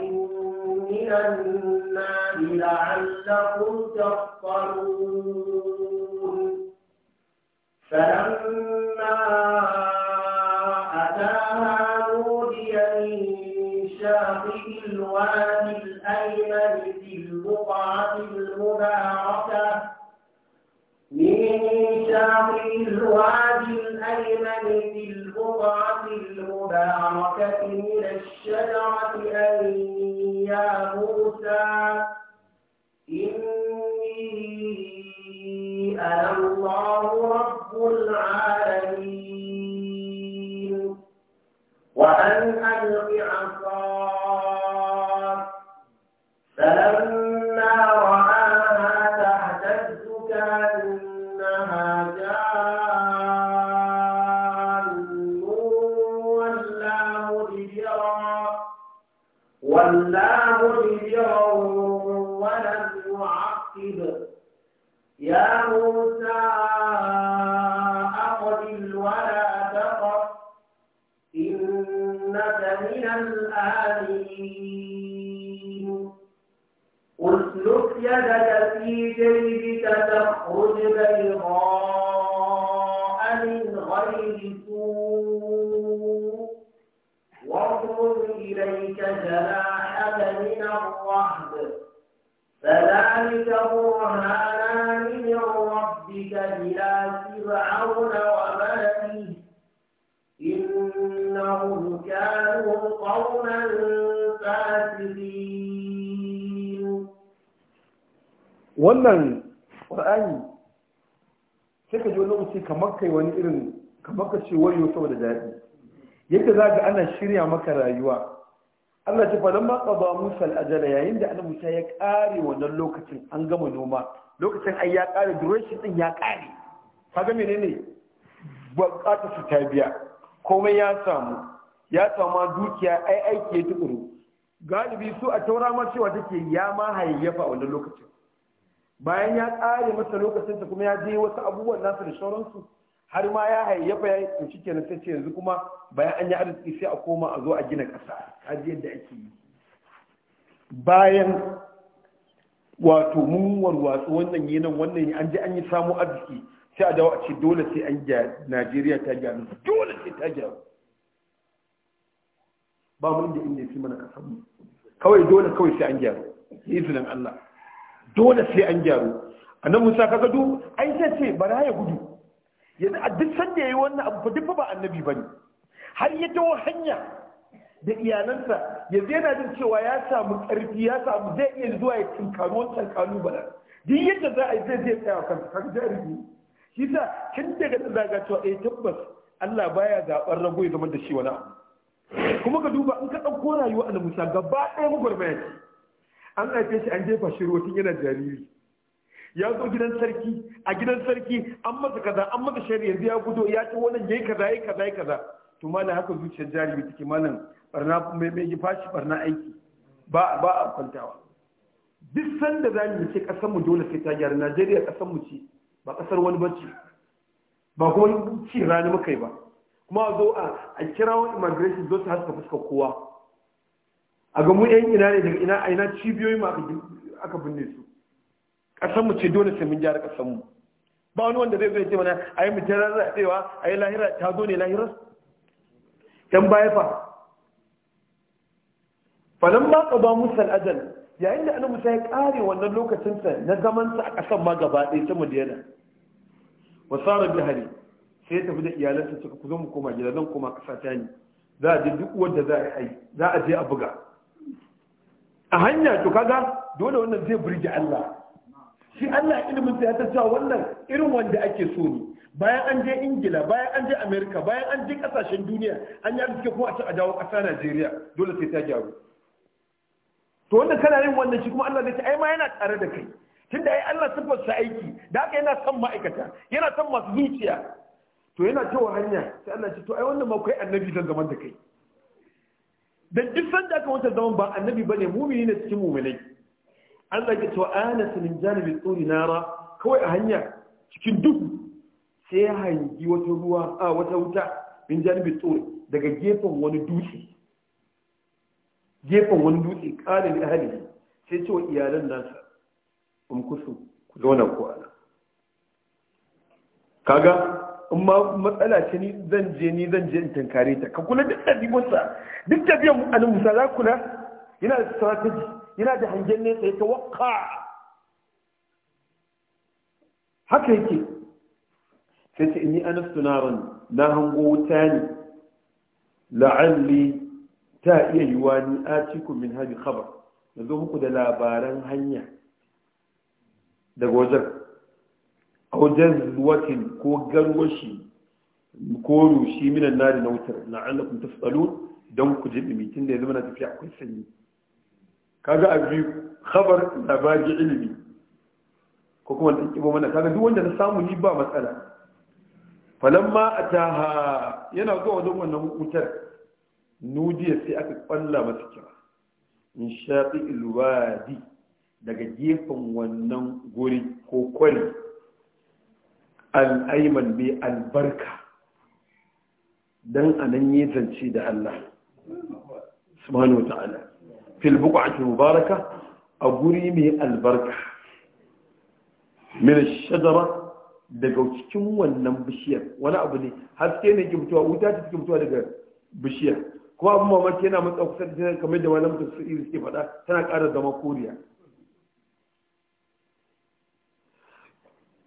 من النار لعلكم تفطرون فلما أتاها نودي من شاطئ الوادي الأيمن في البقعة المباركة شاطئ الوادي الأيمن في البقعة المباركة من الشجرة أن يا موسى إني أنا الله رب العالمين وأن ألق عصاك فلما ولا مدبرا ولم يعقب يا موسى أقبل ولا تخف إنك من الآمنين أسلك يدك في جيبك تخرج بيضاء فذلك برهانان من ربك إلى فرعون وملئه إنهم كانوا قوما فاسقين wannan ƙur'ani sai ka ji wani lokaci kamar kai wani irin kamar ka ce wayo saboda daɗi yadda za ga ana shirya maka rayuwa Allah ce fadan ma ƙaba Musa al yayin da annabi Musa ya kare wannan lokacin an gama noma lokacin ai ya kare duration din ya kare kaga menene bukata su ta biya komai ya samu ya samu dukiya ai aiki ya tukuru galibi su a taura ma cewa take ya ma hayayyafa wannan lokacin bayan ya kare masa lokacin kuma ya je wasu abubuwan nasu da sauransu har ma ya hayyafa ya yi shi kenan sai ce yanzu kuma bayan an yi arziki sai a koma a zo a gina ƙasa kaji yadda ake yi bayan wato mun warwatsu wannan yi nan wannan an je an yi samu arziki sai a dawo a ce dole sai an gyara najeriya ta gyaru dole sai ta gyaru ba mu inda inda fi mana kasan mu kawai dole kawai sai an gyaru izinin allah dole sai an gyaru nan musa kaga du ai sai ce bara ya gudu yanzu a duk sanda ya yi wannan abu duk ba annabi ba ne har ya taho hanya da iyalansa yanzu yana jin cewa ya samu karfi ya samu zai iya zuwa ya tunkari wancan kalubalen duk yadda za a yi zai zai tsaya kansa kan jarumi shi sa tun daga nan zaga cewa ɗaya eh, tabbas Allah baya zaɓar rago ya zama da shi wani abu kuma ka duba in ka ɗauko rayuwa a musa gaba ɗaya magwarmaya ce an haife shi an jefa shi rotin yana jariri ya zo gidan sarki a gidan sarki an masa kaza an masa shari yanzu ya gudo ya ci wannan yayi kaza yayi kaza yayi kaza to malam haka zuciyar jarumi take malam barna mai mai fashi barna aiki ba ba a kwantawa duk sanda za mu ce kasar mu dole sai ta gyara Najeriya kasar mu ce ba kasar wani bacci ba kuma ci rani muka yi ba kuma a zo a a kirawo immigration zo su haska fuskar kowa a ga mu yan ina ne daga ina a ina cibiyoyi ma aka binne su ƙasar mu ce dole sai mun gyara ƙasar mu ba wani wanda zai zo ce mana ayi mu jarar radewa ayi lahira ta zo ne lahirar dan baya fa falan ma qada musa al-ajal yayin da annabi sai kare wannan lokacin sa na zaman sa a ƙasar ma gaba ɗaya ta madina wa sara hali sai ta tafi da iyalansa suka kuzo mu koma gida zan koma ƙasa ta ni za a je duk wanda za a yi za a je a buga a hanya to kaga dole wannan zai burge Allah shi Allah ilimin sa ya ta wannan irin wanda ake so ne bayan an je ingila bayan an je amerika bayan an je kasashen duniya an yi suke kuma a ci a jawo ƙasa najeriya dole sai ta gyaru to wannan kana yin wannan shi kuma allah zai ce ai ma yana tare da kai tunda ai allah sifar sa aiki da haka yana son ma'aikata yana son masu zuciya to yana cewa hanya sai allah ce to ai wannan ma kai annabi zan zaman da kai dan duk sanda aka wancan zaman ba annabi bane mumini ne cikin muminai Allah ya to wa anasa min janibi tsuri nara kawai a hanya cikin duhu sai ya hangi wata ruwa a wata wuta min janibi tsuri daga gefen wani dutse gefen wani dutse kalin ahali sai cewa iyalan nasa um kusu ku zauna ko ala kaga in ma matsala ce ni zan je ni zan je in tankare ta ka kula duk da dibonsa duk da biyan annabi Musa za kula yana da strategy yana da hangen ne sai ta wakka haka yake sai ta inni anas tunaran na hango wuta ne la'alli ta iya yiwa ni cikin min haji khabar yanzu muku da labaran hanya daga wajen aujen zuwatin ko garwashi ko rushi minan nari na wutar kun tafi tsalo don ku je dumi da ya zama na tafiya akwai sanyi kaga a biyu khabar labari ilimi ko kuma da kibo mana kaga duk wanda na samu ni ba matsala falamma ataha yana zuwa wajen wannan wutar nudiya sai aka kwalla masa kira in shafi ilwadi daga gefen wannan gori ko kwari bi bai albarka dan anan yi zance da Allah subhanahu wa ta'ala filbuku a mubaraka a guri mai albarka mai shadara daga cikin wannan bishiyar wani abu ne haske ne ke mutuwa wuta ce ke mutuwa daga bishiyar kuma abu mamaki yana matsa kusa da kamar da wani mutum su iri suke faɗa tana ƙara zama koriya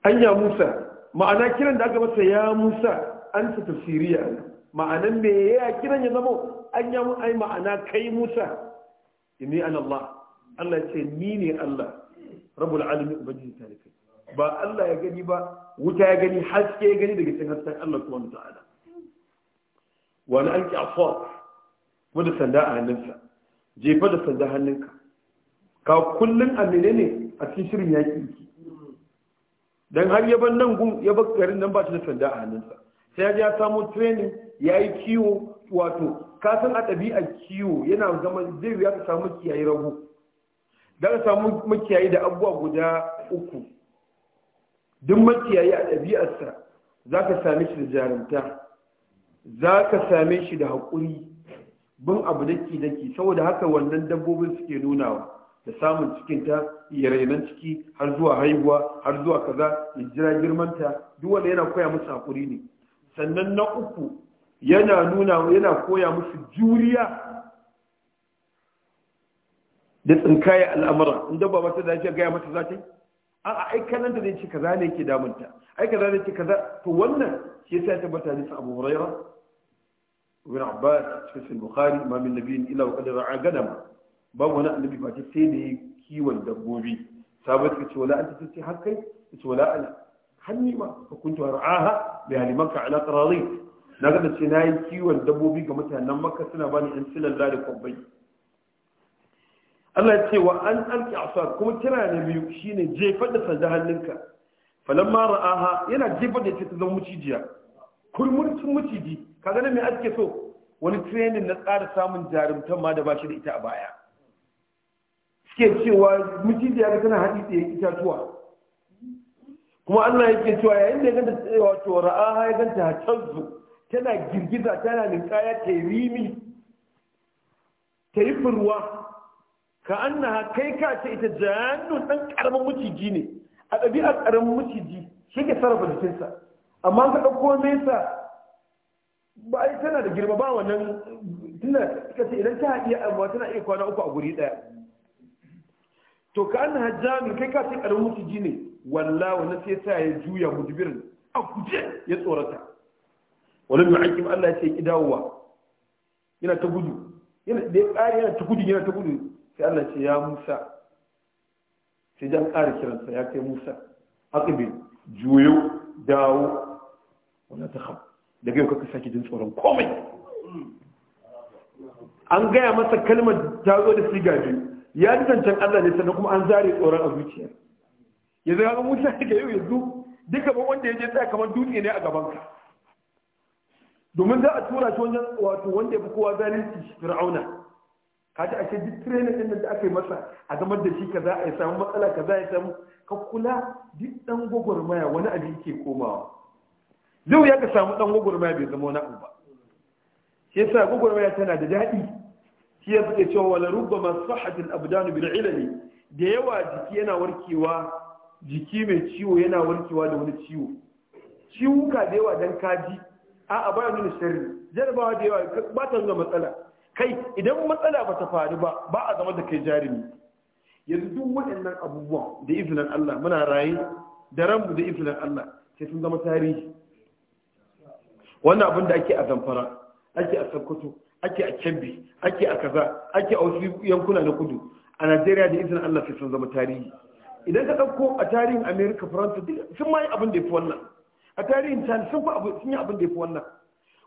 an ya musa ma'ana kiran da aka masa ya musa an ta tafsiriya ma'anan me ya kiran ya zama an ya ai ma'ana kai musa inni an Allah Allah ce ni ne Allah rabbul alamin ubangiji talikai ba Allah ya gani ba wuta ya gani haske ya gani daga cikin haske Allah subhanahu ta'ala wa na alki afwar wanda sanda a hannunsa jefa da sanda hannunka ka kullun a ne a cikin shirin yaki dan har yaban nan gun ya bar garin nan ba shi da sanda a hannunsa sai ya samo training yayi kiwo wato ka san a ɗabi'ar kiwo yana zama zai wuya ka samu kiyayi rago don ka samu makiyayi da abubuwa guda uku duk makiyayi a ɗabi'arsa za ka same shi da jarumta za ka same shi da haƙuri bin abu daki-daki saboda haka wannan dabbobin suke nunawa da samun cikinta ya rainan ciki har zuwa haihuwa har zuwa kaza ya jira girmanta duk wanda yana koya musu haƙuri ne sannan na uku yana nuna yana koya musu juriya da tsinkaya al'amura inda ba mata dace gaya mata zace. ta yi a aikanan da zai ci kaza ne ke damunta ai kaza ne ke kaza to wannan shi yasa ya tabbata ne abu huraira ibn abbas cikin sahih bukhari ma min nabiyyin illa wa qad ra'a gadama Babu wani annabi ba sai da kiwon dabbobi sabai suka ce wala anta tace har kai ce wala ana hanni ma hukuntu ra'aha bi halimanka ala qararin na ga ce na yi kiwon dabbobi ga mutanen makka suna bani yan silalla da kwabbai Allah ya ce wa an alki asar kuma kira na biyu shine jefar da sanda hannunka falamma ra'aha yana jefar da ce ta zama mucijiya kurmurcin muciji kaga nan me ake so wani training na tsara samun jarumtan ma da ba shi da ita a baya suke cewa mucijiya ga tana haɗi tsaye itatuwa kuma Allah yake cewa yayin da ya ganta wato ra'aha ya ganta zuwa tana girgiza tana ninkaya ta yi rimi ta yi furwa ka na kai ka ce ita jannun ɗan ƙaramin maciji ne a ɗabi'ar ƙaramin maciji shi ke sarrafa jikinsa amma ka ɗauko nesa ba a yi tana da girma ba wannan tana ka ce idan ta haɗi amma tana iya kwana uku a guri ɗaya to ka annaha jamin kai ka ce ƙaramin maciji ne walla wannan sai sa ya juya mudbirin a guje ya tsorata walam yu'aqib Allah ya ce ki dawowa yana ta gudu yana da ƙari yana ta gudu yana ta gudu sai Allah ce ya Musa sai jan ƙara kiransa ya kai Musa aqbil juyo dawo wala ta khab daga yau kaka saki jin tsoron komai an gaya masa kalmar ta zo da siga biyu ya ji zancen Allah ne sannan kuma an zare tsoron a zuciya yanzu ga Musa daga yau yanzu duka ban wanda ya je tsaya kamar dutse ne a gabanka domin za a tura shi wajen wato wanda ya fi kowa zalunci fir'auna kaji ashe duk training din da aka yi masa a gamar da shi kaza a yi samu matsala kaza yi samu ka kula duk dan gwagwarmaya wani abu yake komawa yau ya ka samu dan gwagwarmaya bai zama wani abu ba shi yasa gwagwarmaya tana da daɗi shi ya suke cewa wala rubba masu sahatin abudanu bil ilali da yawa jiki yana warkewa jiki mai ciwo yana warkewa da wani ciwo ciwuka da yawa dan kaji a'a ba nuna sirri jarabawa da yawa ba ta nuna matsala kai idan matsala ba ta faru ba ba a zama da kai jarumi yanzu duk waɗannan abubuwan da izinin Allah muna raye da ranmu da izinin Allah sai sun zama tarihi wannan abin da ake a zamfara ake a sakkwato ake a kebbi ake a kaza ake a wasu yankuna na kudu a najeriya da izinin allah sai sun zama tarihi idan ka ɗauko a tarihin america faransa sun ma yi abin da ya fi wannan a tarihin can sun fi abu sun yi abin da ya fi wannan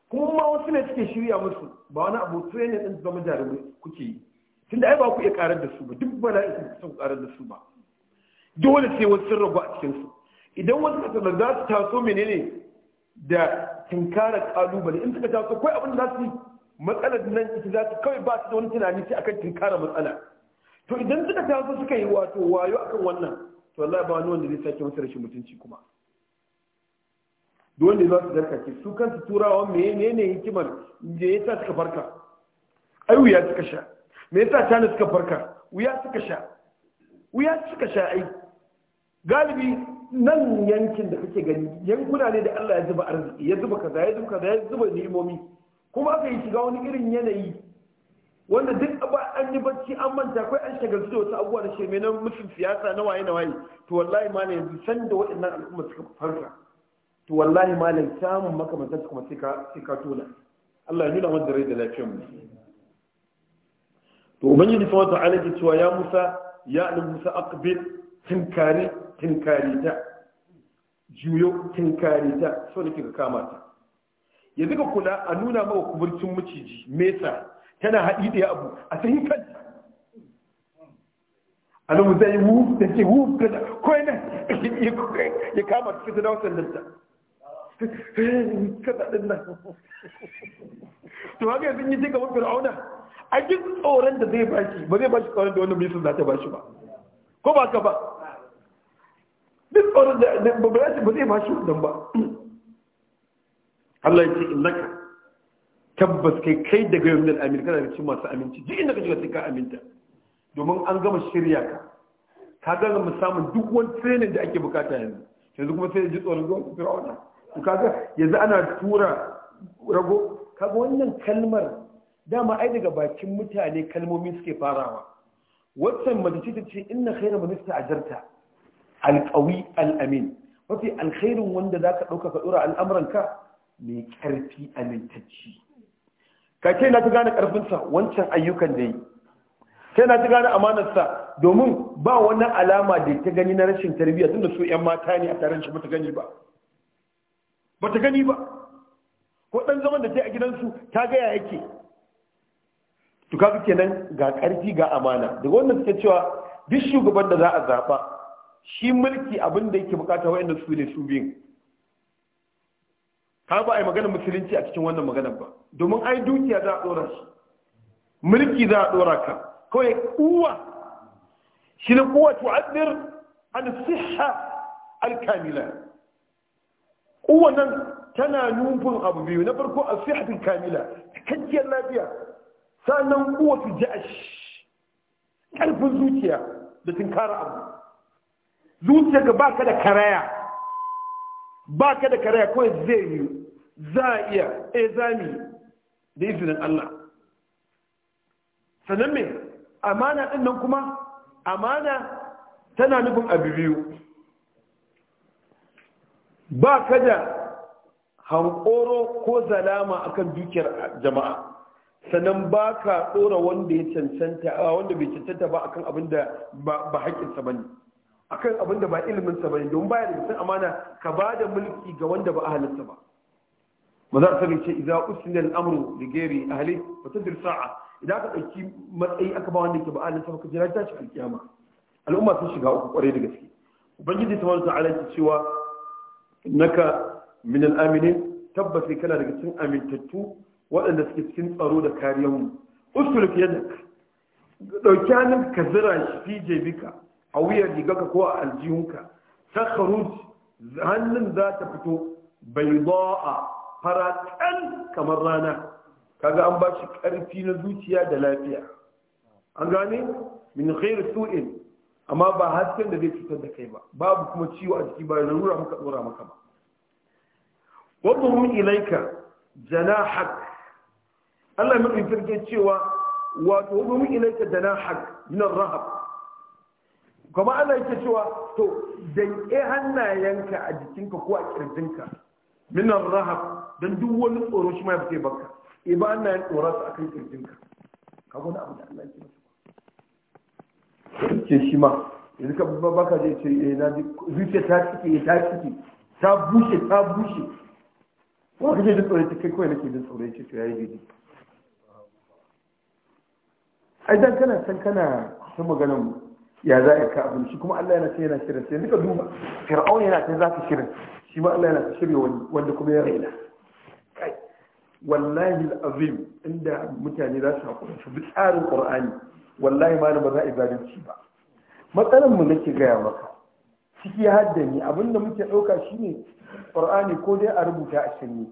kuma ma wasu ne suke shirya musu ba wani abu ne din zama jarumi kuke yi tunda ai ba ku iya karar da su ba duk ba na sun karar da su ba dole sai wasu sun rabu a cikin su idan wasu kasar za su taso menene da tinkarar kalubale in suka taso kawai abin da za su yi matsalar nan ita za su kawai ba su da wani tunani sai akan tinkara matsala to idan suka taso suka yi wato wayo akan wannan to Allah ba wani wanda zai sake masa rashin mutunci kuma dole za su ce su kansu turawa ne hikimar da ya sa suka farka ai wuya suka sha me yasa cana suka farka wuya suka sha wuya suka sha ai galibi nan yankin da kake gani yankuna ne da Allah ya zuba arziki ya zuba kaza ya zuba kaza ya zuba ni'imomi kuma aka yi shiga wani irin yanayi wanda duk ba an yi bacci an manta akwai an shagaltu da wasu abubuwa da shirme na mutum siyasa na waye na waye to wallahi ma ne yanzu san da waɗannan al'umma suka farka to wallahi malam samun makamantansu kuma sai ka tona Allah ya nuna wanda rai da lafiyar mu to ubangiji sama ta alaji cewa ya musa ya alim musa aqbil tinkari tinkari ta juyo tinkari ta so da kika kama ta yanzu ka kula a nuna maka kuburcin maciji mesa tana haɗi da abu a sayin kanta alamu zai yi wuf da ce wuf da ko yana ya kama fitar da wasan ta. kada din nan to haka sun yi ji kamar fir'auna a duk tsoron da zai bashi ba zai bashi tsoron da wannan ministan za ta bashi ba ko ba ka ba duk tsoron da ba zai bashi wannan ba Allah ya ce innaka tabbas kai kai daga yau min amin kana da cikin masu aminci duk inda ka shiga sai ka aminta domin an gama shirya ka ka mu samun duk wani training da ake bukata yanzu yanzu kuma sai ji tsoron zuwa fir'auna to kaga yanzu ana tura rago kaga wannan kalmar dama ai daga bakin mutane kalmomi suke farawa wannan mace ta ce inna khayra minista ajarta alqawi alamin mafi alkhairin wanda zaka dauka ka dora al'amuranka mai karfi amintacci ka ce na ta gane karfinsa wancan ayyukan da yi sai na ta gane amanarsa domin ba wani alama da ta gani na rashin tarbiyya tunda su 'yan mata ne a taron shi ba ta gani ba ba ta gani ba ko ɗan zaman da ta a gidansu ta gaya yake to kaga kenan ga ƙarfi ga amana daga wannan suke cewa duk shugaban da za a zaɓa shi mulki abin da yake bukata wa'anda su ne su biyun ka ba a yi maganar musulunci a cikin wannan maganar ba domin ai dukiya za a ɗora shi mulki za a ɗora ka kawai uwa shi ne kuwa tu'addir an sihha al-kamila kowannan tana nufin abu biyu na farko a sihatin kamila cikakkiyar lafiya sannan kuwa su ja'ash ƙarfin zuciya da tunkara abu zuciya ga baka da karaya baka da karaya kawai zai yi za a iya e eh, zami da izinin Allah sannan me amana ɗin nan kuma amana tana nufin abu biyu ba ka da hankoro ko zalama akan dukiyar jama'a sannan ba ka ɗora wanda ya cancanta wanda bai cancanta ba akan abin da ba haƙƙinsa ba ne akan abin da ba iliminsa ba ne don ya da san amana ka ba da mulki ga wanda ba ahalinsa ba maza ta ce idza usnil amru li ghairi ahli fa tadir sa'a idan ka ɗauki matsayi aka ba wanda ke ba ahalinsa ba ka jira ta shi alƙiyama al'umma sun shiga uku kwarai da gaske ubangiji subhanahu wa ta'ala ya cewa Naka min al-aminin kana daga cikin amintattu waɗanda suke cikin tsaro da kariyar mu usul yadak Ɗauki hannun ka zira shi fi jebika a wuyar rigaka ko a aljihunka ta kharuj hannun za ta fito fara faratan kamar rana kaga an ba shi na zuciya da lafiya an gane min khairu su'in amma ba hasken da zai cutar da kai ba babu kuma ciwo a jiki ba rura maka dora maka ba wadda mun ilaika janahak Allah mai firke cewa wato wadda mun ilaika janahak min rahab kuma ana yake cewa to dan eh hannayenka a jikinka ko a kirjinka min rahab dan duk wani tsoro shi ma ya fice baka ibanna tsoron sa akan kirjinka ka wani abu da Allah yake ke shi ma yanzu ka baka zai ce eh na ji zuciya ta cike eh, ta cike ta bushe ta bushe ka kace da tsoron kai kawai nake da tsoron ce to yayi gidi ai dan kana san kana san maganar ya za a ka abin shi kuma Allah yana sai yana shirin sai duka duba fir'aun yana za ka shirin shi ma Allah yana ta shirya wanda kuma ya raina wallahi al'azim inda mutane za su haƙura su bi tsarin Ƙur'ani? wallahi malam ba za a zalunci ba matsalan mu nake gaya maka ciki ya haddani abinda muke ɗauka shine qur'ani ko dai a rubuta a shanye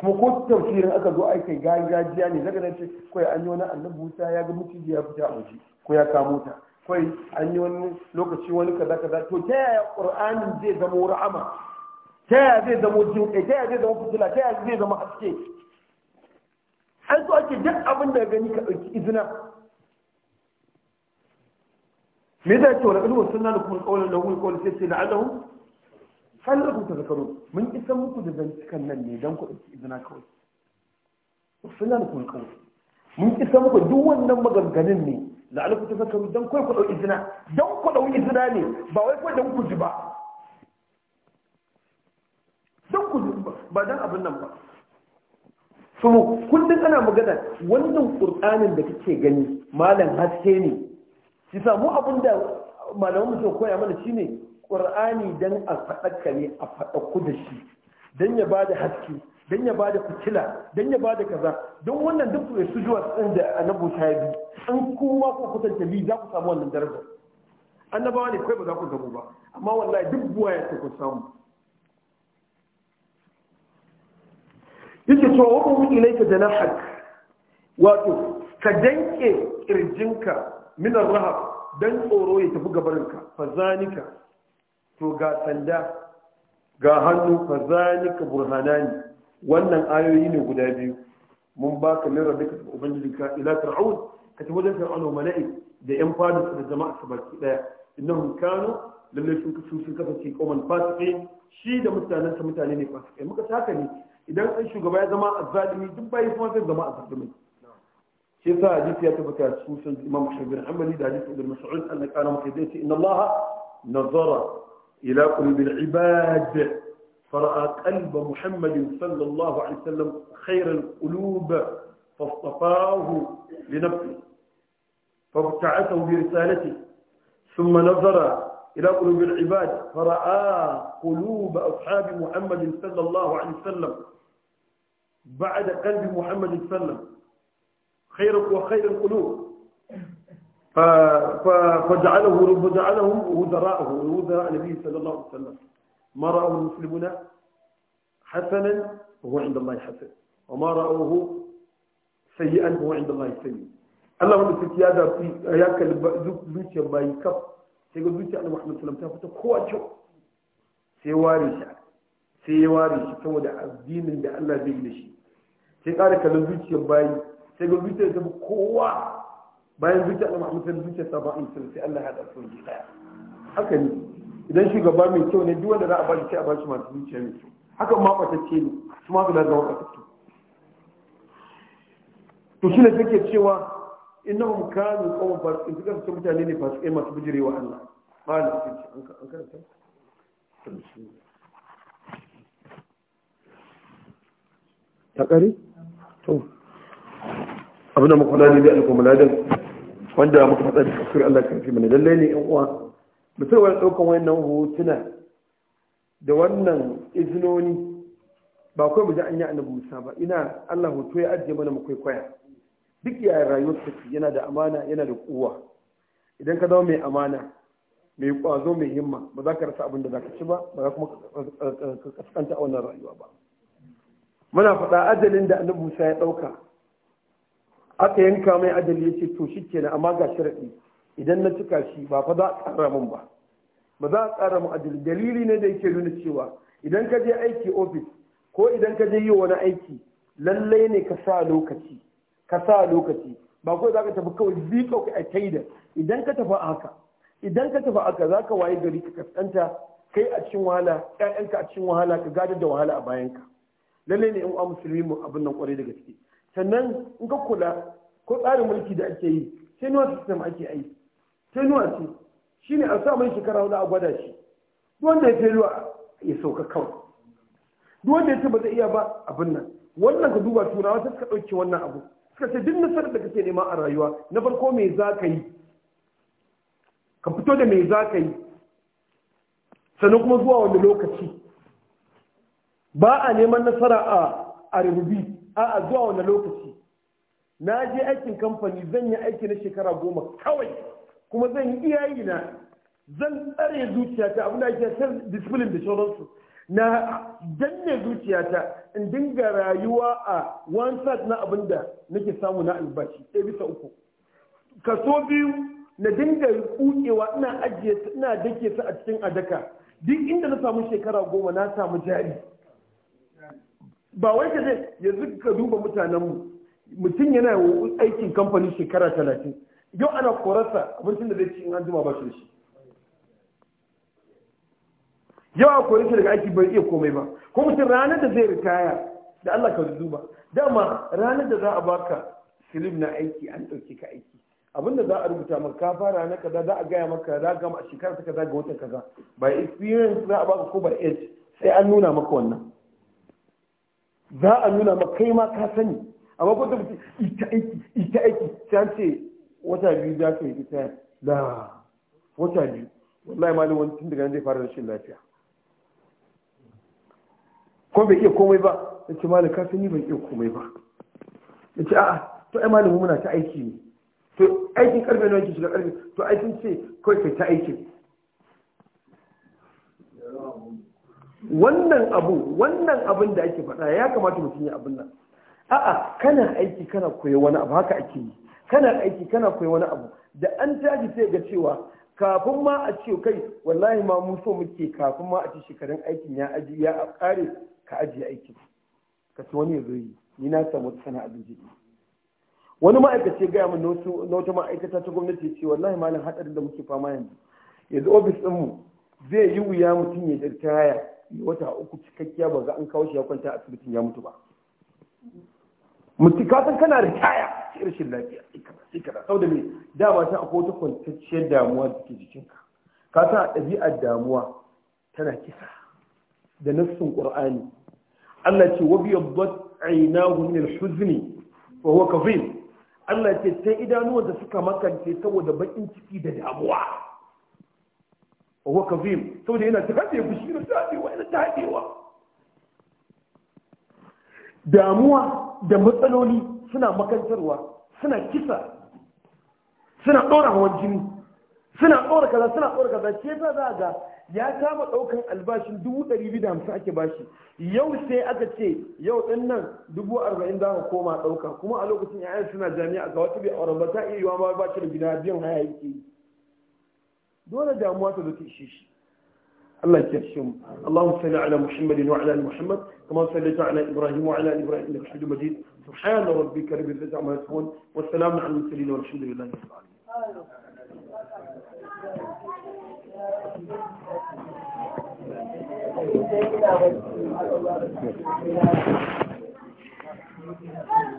kuma ko tafsirin aka zo ai kai gargajiya ne daga nan ce kai an yi wani annabi Musa ya ga miciji ya fita a waje ko ya kamo ta kai an yi wani lokaci wani kaza kaza to ta yaya qur'anin zai zama rahama ta yaya zai zama jinƙai ta yaya zai zama fitila ta yaya zai zama haske an so ake duk abin da gani ka ɗauki izina me da cewa laqad wasanna lakum qawlan lahu qawlan sai la'allahu halakum tazakkarun mun isa muku da zantukan nan ne don ku izina kawai na wasanna lakum qawlan mun isa muku duk wannan maganganun ne la'alkum tazakkarun dan kai ku dauki izina don ku izina ne ba wai kawai don ku ba don ku ji ba dan abin nan ba so kullum ana magana wannan qur'anin da kake gani malam haske ne ki samu abin da malaman mutum koya mana shine qur'ani dan a faɗaka ne a faɗaƙu da shi dan ya bada haske dan ya bada fitila dan ya bada kaza don wannan duk su juwa din da annabi ta bi an kuma ku kusanta bi za ku samu wannan daraja annabawa ne kai ba za ku gamu ba amma wallahi duk buwaya ta ku samu yake cewa wa na janahak wato ka danke kirjinka min rahab dan tsoro ya tafi gabarinka fazanika to ga sanda ga hannu fazanika burhanani wannan ayoyi ne guda biyu mun ba baka min rabbika ka ila fir'aun ka tafi wajen fir'aun mala'i da yan fadis da jama'a su baki daya innahum kanu lalle sun kasu sun kasance kauman fasiqin shi da mutanen mutanensa mutane ne fasikai muka saka ne idan an shugaba ya zama azzalimi duk bayan kuma zai zama azzalimi shi sa hadisi ya tabbata cikin sun imam ahmad bin hanbali da hadisi ibn mas'ud Allah kana maka dai ce inna Allah فرأى قلب محمد صلى الله عليه وسلم خير القلوب فاصطفاه لنفسه فابتعثه برسالته ثم نظر إلى قلوب العباد فرأى قلوب أصحاب محمد صلى الله عليه وسلم بعد قلب محمد صلى الله عليه وسلم خير وخير القلوب فجعله رب وزراءه وزراء النبي صلى الله عليه وسلم ما رأوا المسلمون حسنا هو عند الله حسن وما رأوه سيئا هو عند الله سيء الله من في آياتك لبعضك بيتي بايكب سيقول بيتي على محمد صلى الله عليه وسلم هو أجو سيواري شعر سيواري شعر سوى الدين اللي الله بيقلشي سيقارك لبيتي بايكب sai ga zuciyar ta kowa bayan zuciyar da mahmud sai ta ba'in sun sai Allah ya haɗa su ji ɗaya haka ne idan shugaba mai kyau ne duk wanda za a ba shi sai a ba shi masu zuciya mai kyau haka ma ɓatacce ne su ma su da zama ɓatacce to shi ne suke cewa innahum kanu qawman Su suka ce mutane ne fasikai masu bijirewa Allah qala sun ce an karanta ta kare to abin da muka dani da alkumuladin wanda muka faɗa da kafir Allah kan fi mana lallai ne yan uwa mutum wani ɗaukan wannan hotuna da wannan izinoni ba kawai mutum an yi annabi musa ba ina Allah hoto ya ajiye mana mu kwaikwaya duk yayin rayuwar tafi yana da amana yana da kuwa idan ka zama mai amana mai kwazo mai himma ba za ka rasa abin da za ka ci ba ba za kuma ka kaskanta a wannan rayuwa ba muna faɗa ajalin da annabi musa ya ɗauka aka yanka mai adali ya ce to shi kenan amma ga sharaɗi idan na cika shi ba fa za a ƙara min ba ba za a ƙara min adali dalili ne da yake nuna cewa idan ka je aiki ofis ko idan ka je yi wani aiki lallai ne ka sa lokaci ka sa lokaci ba kawai za ka tafi kawai bi kawai a da idan ka tafi haka idan ka tafi haka za ka waye gari ka kaskanta kai a cikin wahala ƴaƴanka a cikin wahala ka gadar da wahala a bayanka lallai ne in uwa musulmi mu abin nan kwarai da gaske sannan in ka kula ko tsarin mulki da ake yi sai nuwa system ake aiki sai nuwa ce shi ne a sa mai shekara hudu a gwada shi wanda ya failure ya sauka kawai wanda ya ce ba zai iya ba abin nan wannan ka duba turawa ta suka ɗauke wannan abu suka ce duk nasarar da kake nema a rayuwa na farko me za ka yi ka fito da me za ka yi sannan kuma zuwa wani lokaci ba a neman nasara a a a'a zuwa wani lokaci na je aikin kamfani zan yi aiki na shekara goma kawai kuma zan yi iyayi na zan tsare zuciyata abu da ake san discipline da sauransu na danne zuciyata in dinga rayuwa a one na abin da nake samu na albashi ɗaya bisa uku kaso biyu na dinga kukewa ina ajiye ina dake su a cikin adaka duk inda na samu shekara goma na samu jari ba wai ka je yanzu ka duba mutanenmu mutum yana aikin kamfani shekara talatin yau ana korarsa abincin da zai ci in an zuma ba shi shi yau a kore shi daga aiki bai iya komai ba ko mutum ranar da zai ritaya da Allah ka duba dama ranar da za a baka silib na aiki an ɗauke ka aiki abinda za a rubuta maka ka fara na kaza za a gaya maka za a gama a shekara ta kaza ga watan kaza by experience za a baka ko by age sai an nuna maka wannan za a nuna ma kai ma ka sani amma ko ta ita aiki ita aiki ta ce wata biyu za su yi ita da wata biyu wallahi malin wani tun daga nan zai fara rashin lafiya ko bai iya komai ba ya ce malin ka sani bai iya komai ba ya ce a'a to ai malamu muna ta aiki ne to aikin karfe nawa ke shiga karfe to aikin sun ce kawai kai ta aikin wannan abu wannan abin da ake faɗa ya kamata mutum ya abin nan a'a kana aiki kana koyi wani abu haka ake yi kana aiki kana koyi wani abu da an taji sai ga cewa kafin ma a ce kai wallahi ma mu so muke kafin ma a ce shekarun aikin ya aji ya kare ka ajiye aiki. ka ci wani ya yi ni na samu wata sana'a jiji wani ma'aikaci gaya min na wata ma'aikata ta gwamnati ce wallahi malin hadarin da muke fama yanzu yanzu ofis mu zai yi wuya mutum ya jirka haya wata uku cikakkiya ba ga an kawo shi ya kwanta a asibitin ya mutu ba mutu ka san kana ritaya ci rashin lafiya sai kana sau da me dama ta akwai wata kwantacciyar damuwa da ke jikinka ka sa a ɗabi'ar damuwa tana kisa da nassun qur'ani Allah ce wa biyaddat aynahu min al-huzni wa huwa kafin Allah ce sai idanuwa da suka makance saboda bakin ciki da damuwa wa huwa kazim saboda yana tafiya fushi yana tafiya yana tafiya damuwa da matsaloli suna makantarwa suna kisa suna ɗora hawan jini suna ɗora kaza suna ɗora kaza ke yasa za ga ya kama ɗaukan albashin dubu ɗari biyu da hamsin ake bashi yau sai aka ce yau ɗin nan dubu arba'in za ka koma ɗauka kuma a lokacin 'ya'yan suna jami'a ga wata bai auren ba ta iya yiwa ma ba shi da gida biyan haya yake yi دون damuwa ta zo ishe الله يكرشهم اللهم صل على محمد وعلى ال محمد كما صليت على ابراهيم وعلى ال ابراهيم انك حميد مجيد سبحان ربي رب العزه ما يصفون والسلام على المرسلين والحمد لله رب العالمين